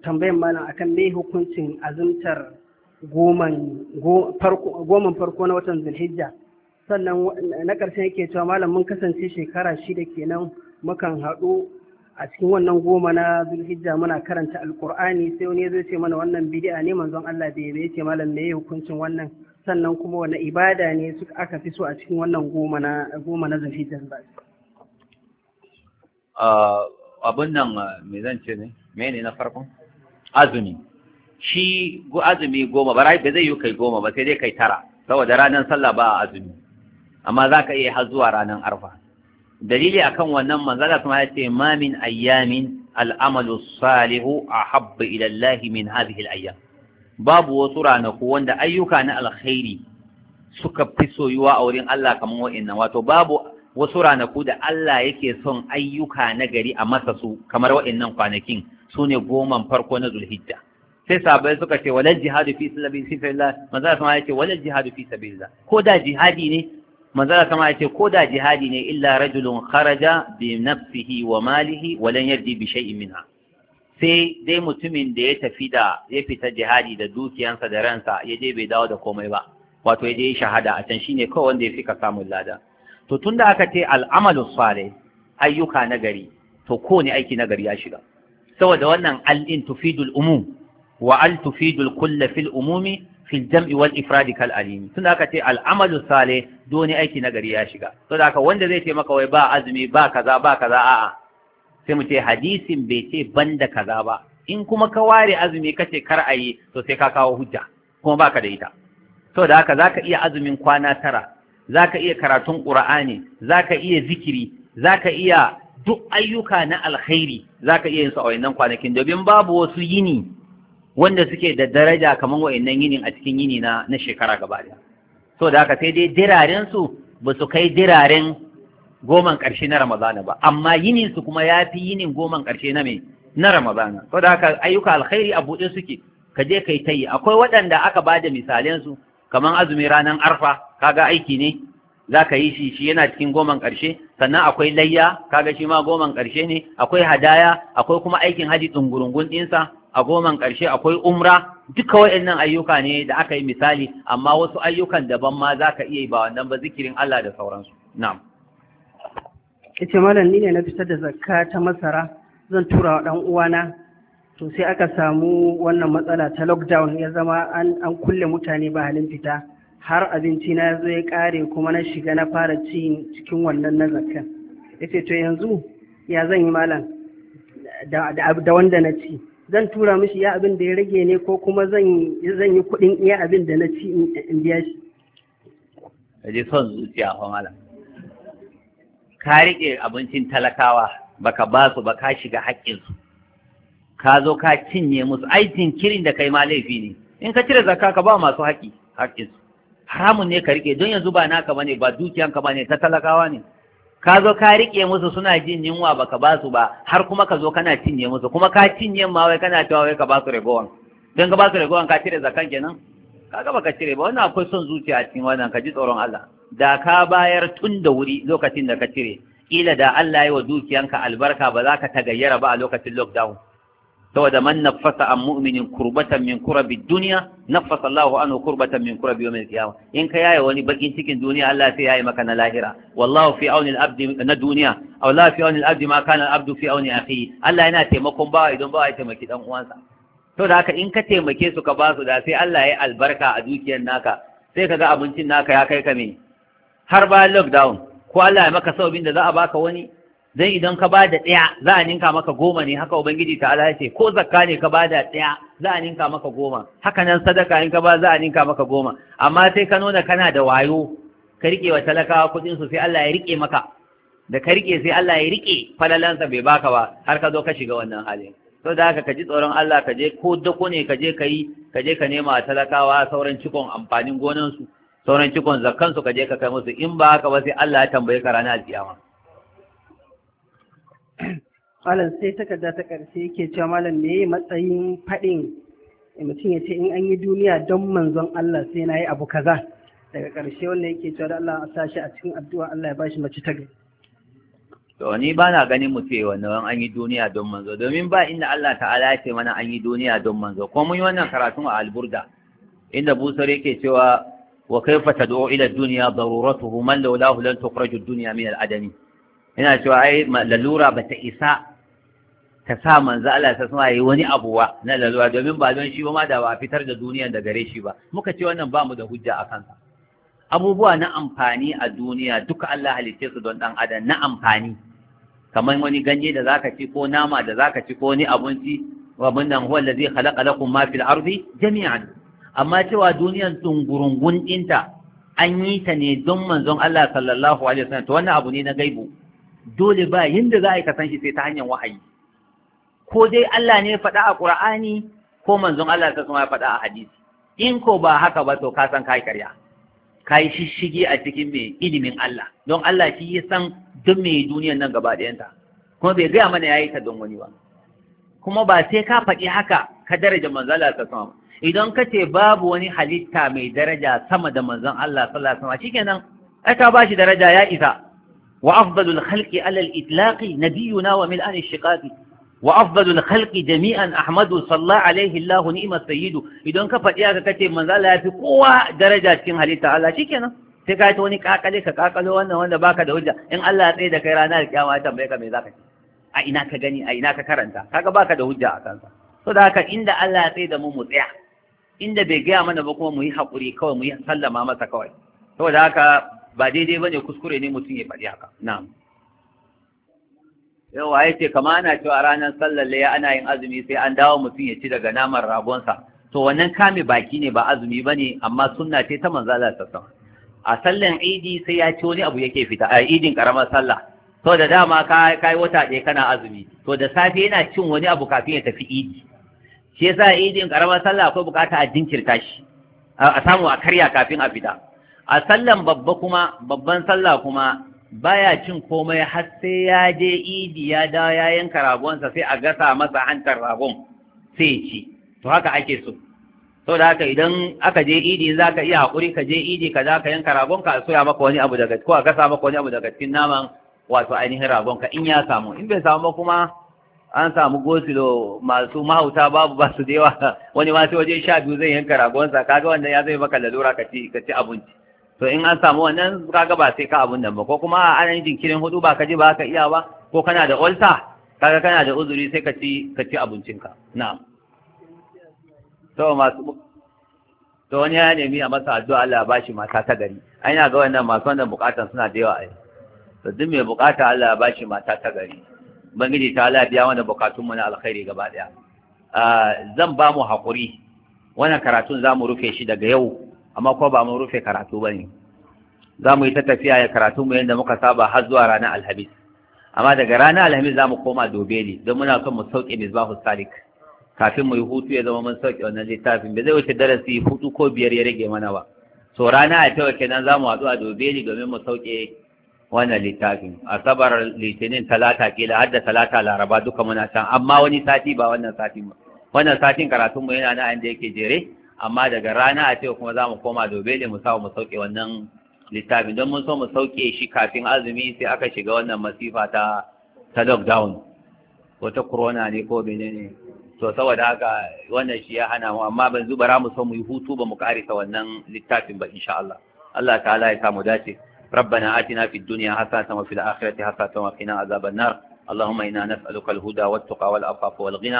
Speaker 2: tambayan malam akan mai hukuncin azumtar goman farko na watan zulhijja sannan na ƙarshen yake cewa malam mun kasance shekara shida kenan mukan haɗu a cikin wannan goma na zulhijja muna karanta alƙur'ani sai wani zai ce mana wannan bidi'a ne manzon Allah bai bai ce malam me hukuncin wannan sannan kuma wani ibada ne suka aka fi so a cikin wannan goma na goma na zulhijja ba
Speaker 1: abin nan me zan ce ne ne na farkon azumi shi azumi goma ba rai ba zai yi kai goma ba sai dai kai tara saboda ranar sallah ba azumi amma za ka iya har zuwa ranar arfa dalili akan wannan manzala kuma ya ce mamin ayyamin al'amalu salihu a habba ilallahi min hadhihi al'ayyam babu wasu ranaku wanda ayyuka na alkhairi suka fi soyuwa a wurin Allah kamar wa'annan wato babu wasu ranaku da Allah yake son ayyuka na gari a masa su kamar wa'annan kwanakin su ne goman farko na zulhijja sai sabai suka ce walal jihadu fi sabilillah manzo sama ya ce walal jihadu fi sabilillah ko da jihadi ne manzala kama ya ce ko da jihadi ne illa rajulun kharaja bi nafsihi wa malihi wa lan yardi bi shay'in minha sai dai mutumin da ya tafi da ya fita jihadi da dukiyansa da ransa ya je bai dawo da komai ba wato ya je shahada a can shine kawai wanda ya fika samun lada to tunda aka ce al'amalu salih ayyuka na gari to kowane aiki nagari ya shiga saboda wannan al'in tufidul umum wa al tufidul kulla fil umumi fil jam'i wal ifradi kal alimi tun aka ce al'amalu salih doni aiki na gari ya shiga to da wanda zai ce maka wai ba azumi ba kaza ba kaza a'a sai mu ce hadisin bai ce banda kaza ba in kuma ka ware azumi kace kar ayi yi to sai ka kawo hujja kuma baka da ita to da haka zaka iya azumin kwana tara zaka iya karatun qur'ani zaka iya zikiri zaka iya duk ayyuka na alkhairi zaka iya yin su a wannan kwanakin domin babu wasu yini wanda suke da daraja kamar wa'annan yinin a cikin yini na na shekara gaba da so da haka sai dai diraren su ba su kai diraren goman ƙarshe na ramadana ba amma yinin su kuma ya fi yinin goman ƙarshe na mai na ramadana so da haka ayyuka alkhairi a buɗe suke ka je kai tayi akwai waɗanda aka ba da misalan su kamar azumi ranar arfa kaga aiki ne za ka yi shi shi yana cikin goman ƙarshe sannan akwai layya kaga shi ma goman ƙarshe ne akwai hadaya akwai kuma aikin haji tsungurungun ɗinsa a goman ƙarshe akwai umra duka wa'annan ayyuka ne da aka yi misali amma wasu ayyukan daban ma za ka iya yi ba wannan ba zikirin Allah da sauransu na'am
Speaker 2: malam ni ne na fitar da zakka ta masara zan tura wa dan uwana to sai aka samu wannan matsala ta lockdown ya zama an an kulle mutane ba halin fita har abinci na zo ya kare kuma na shiga na fara ci cikin wannan na zakka. yace to yanzu ya zan yi malam da wanda na ci zan tura mishi ya abin da ya rage ne ko kuma zan yi kuɗin iya abin da na ci in biya shi.
Speaker 1: Kaji son zuciya fa malam. Ka riƙe abincin talakawa baka ba su ba ka shiga haƙƙinsu. Ka zo ka cinye musu aikin kirin da kai ma laifi ne. In ka cire zakka ka ba masu haƙƙi haƙƙinsu. Haramun ne ka riƙe don yanzu ba naka bane ba dukiyanka bane ta talakawa ne. ka zo ka riƙe musu suna jin yunwa ba ka ba su ba har kuma ka zo kana cinye musu kuma ka cinye ma wai kana cewa wai ka ba su ragowan don ka ba su ragowan ka cire zakan kenan ka gaba ka cire ba wannan akwai son zuciya cikin wannan ka ji tsoron Allah da ka bayar tun da wuri lokacin da ka cire kila da Allah ya wa dukiyanka albarka ba za ka tagayyara ba a lokacin lockdown da man nafasa an mu'minin kurbatan min kurabi duniya nafasa Allahu anhu kurbatan min kurabi yawmil qiyama in ka yaye wani bakin cikin duniya Allah sai yaye maka na lahira wallahu fi auni abdi na duniya aw la fi auni abdi ma kana abdu fi auni akhihi Allah yana taimakon bawa idan bawa ya taimaki dan uwansa to da haka in ka taimake su ka ba da sai Allah ya albarka a dukiyar naka sai ga abincin naka ya kai ka me har ba lockdown ko Allah ya maka sauƙin da za baka wani Zai idan ka ba da ɗaya za a ninka maka goma ne haka ubangiji ta ala ce ko zakka ne ka ba da ɗaya za a ninka maka goma haka nan sadaka in ka ba za a ninka maka goma amma sai ka nuna kana da wayo ka rike wa talakawa kuɗin su sai Allah ya rike maka da ka rike sai Allah ya rike falalansa bai baka ba har ka zo ka shiga wannan halin to da haka ka ji tsoron Allah ka je ko dako ne ka je ka yi ka je ka nema talakawa sauran cikon amfanin gonansu sauran cikon zakkansu ka je ka kai musu in ba haka ba sai Allah ya tambaye ka ranar alkiyama
Speaker 2: *clears throat* malam sai takarda ta ƙarshe yake cewa malam me matsayin faɗin eh, mutum ya ce in an yi duniya don manzon Allah sai na yi abu kaza daga ƙarshe wanda yake cewa da Allah a sashi a cikin addu'a Allah ya bashi mace ta gari.
Speaker 1: To ni ba na ganin mu ce wannan an yi duniya don manzo domin ba inda Allah ta'ala ya ce mana an yi duniya don manzo ko mun yi wannan karatun a alburda inda busar yake cewa wa kaifa tad'u ila ad-dunya daruratuhu man lawlahu lan tukhraju ad-dunya min al-adami yana cewa ai lalura ba ta isa ta sa manzo Allah ta sama yi wani abuwa na lalura domin ba don shi ba ma da ba fitar da duniya da gare shi ba muka ce wannan ba mu da hujja a kansa abubuwa na amfani a duniya duka Allah halitte su don dan adam na amfani kamar wani ganye da zaka ci ko nama da zaka ci ko wani abinci wa bunnan huwa allazi khalaqa lakum ma fil ardi jami'an amma cewa duniyan dungurungun dinta an yi ta ne don manzon Allah sallallahu alaihi wasallam to wannan abu ne na gaibu dole ba yinda za a yi ka san shi sai ta hanyar wahayi ko dai Allah ne faɗa a Qur'ani ko manzon Allah ta kuma faɗa a hadisi in ko ba haka ba to ka san kai ƙarya kai shishigi a cikin me ilimin Allah don Allah shi ya san duk mai duniyar nan gaba ɗayanta kuma bai gaya mana yayi ta don wani ba kuma ba sai ka faɗi haka ka daraja manzon Allah ta kuma idan ka ce babu wani halitta mai daraja sama da manzon Allah sallallahu alaihi wasallam shikenan ai ka shi daraja ya isa وأفضل الخلق على الإطلاق نبينا وملآن الشقاق وأفضل الخلق جميعا أحمد صلى الله عليه الله نعم السيد إذن كفت يا كتي من ذا لا في قوة درجة تنهل تعالى شكنا تكايت وني كاكلي كاكلي وانا وانا باك دهجة إن الله تريد كيرانا الكيامة تنبيك ميزاك أين كجني أين كرنتا كاك باك دهجة أكانتا فذاك إن الله تريد ممتع إن بيجي أمنا بكم مهي حقوري كوي مهي سلم أمسا كوي فذاك ba daidai bane kuskure ne mutum ya faɗi haka na'am waye ce kama ana cewa ranar sallar laya ana yin azumi sai an dawo mutum ya ci daga naman ragonsa to wannan kame baki ne ba azumi bane amma sunna ce ta manzo Allah sallallahu a sallan idi sai ya ci wani abu yake fita a idin karamar sallah to da dama ka kai wata ɗaya kana azumi to da safe yana cin wani abu kafin ya tafi idi shi yasa idin karamar sallah akwai bukata a jinkirta shi a samu a karya kafin a fita a sallan babba kuma babban sallah kuma baya cin komai har sai ya je idi ya dawo ya yanka ragonsa sai a gasa masa hantar ragon sai ci to haka ake so to da haka idan aka je idi za ka iya haƙuri ka je idi ka za ka yanka ragon ka a soya maka wani abu daga ko a gasa maka wani abu daga cikin naman wato ainihin ragon ka in ya samu in bai samu kuma an samu gosilo masu mahauta babu ba su da yawa *laughs* wani ma sai waje sha biyu zai yanka ragonsa kaga wanda ya zai maka lalura ka ci ka ci abinci to in an samu wannan kaga ba sai ka abun nan ba ko kuma an yi jinkirin hudu ba ka ji ba ka iya ba ko kana da ulta, kaga kana da uzuri sai ka ci ka ci ka na'am to masu to wani ya nemi a masa addu'a Allah ya bashi mata ta gari A ina ga wannan masu wannan bukatan suna da yawa ai to duk mai bukata Allah ya bashi mata ta gari bangiji ta Allah biya mana bukatun mu na alkhairi gaba daya ah, zan ba mu hakuri wannan karatun zamu rufe shi daga yau amma kuma ba mu rufe karatu ba ne za mu yi ta tafiya ya karatu mu yadda muka saba har zuwa ranar alhamis amma daga ranar alhamis za mu koma dobe ne don muna son mu sauke misbahu salik kafin mu yi hutu ya zama mun sauke wannan littafin ba zai wuce darasi hutu ko biyar ya rage mana ba so rana a tawa kenan za mu haɗu a dobe ne domin mu sauke wannan littafin asabar litinin talata kila har da talata laraba duka muna can amma wani sati ba wannan sati ba wannan satin karatunmu yana na inda yake jere amma daga rana a ce kuma za mu koma dobe ne mu samu mu sauke wannan littafin don mun so mu sauke shi kafin azumi sai aka shiga wannan masifa ta ta lockdown ko corona ne ko bene ne to saboda haka wannan shi ya hana mu amma ban zubara mu so mu yi hutu ba mu karisa wannan littafin ba insha Allah Allah ta'ala ya sa mu dace ربنا آتنا في الدنيا حسنة وفي الآخرة حسنة وقنا عذاب النار اللهم إنا نسألك الهدى والتقى والعفاف والغنى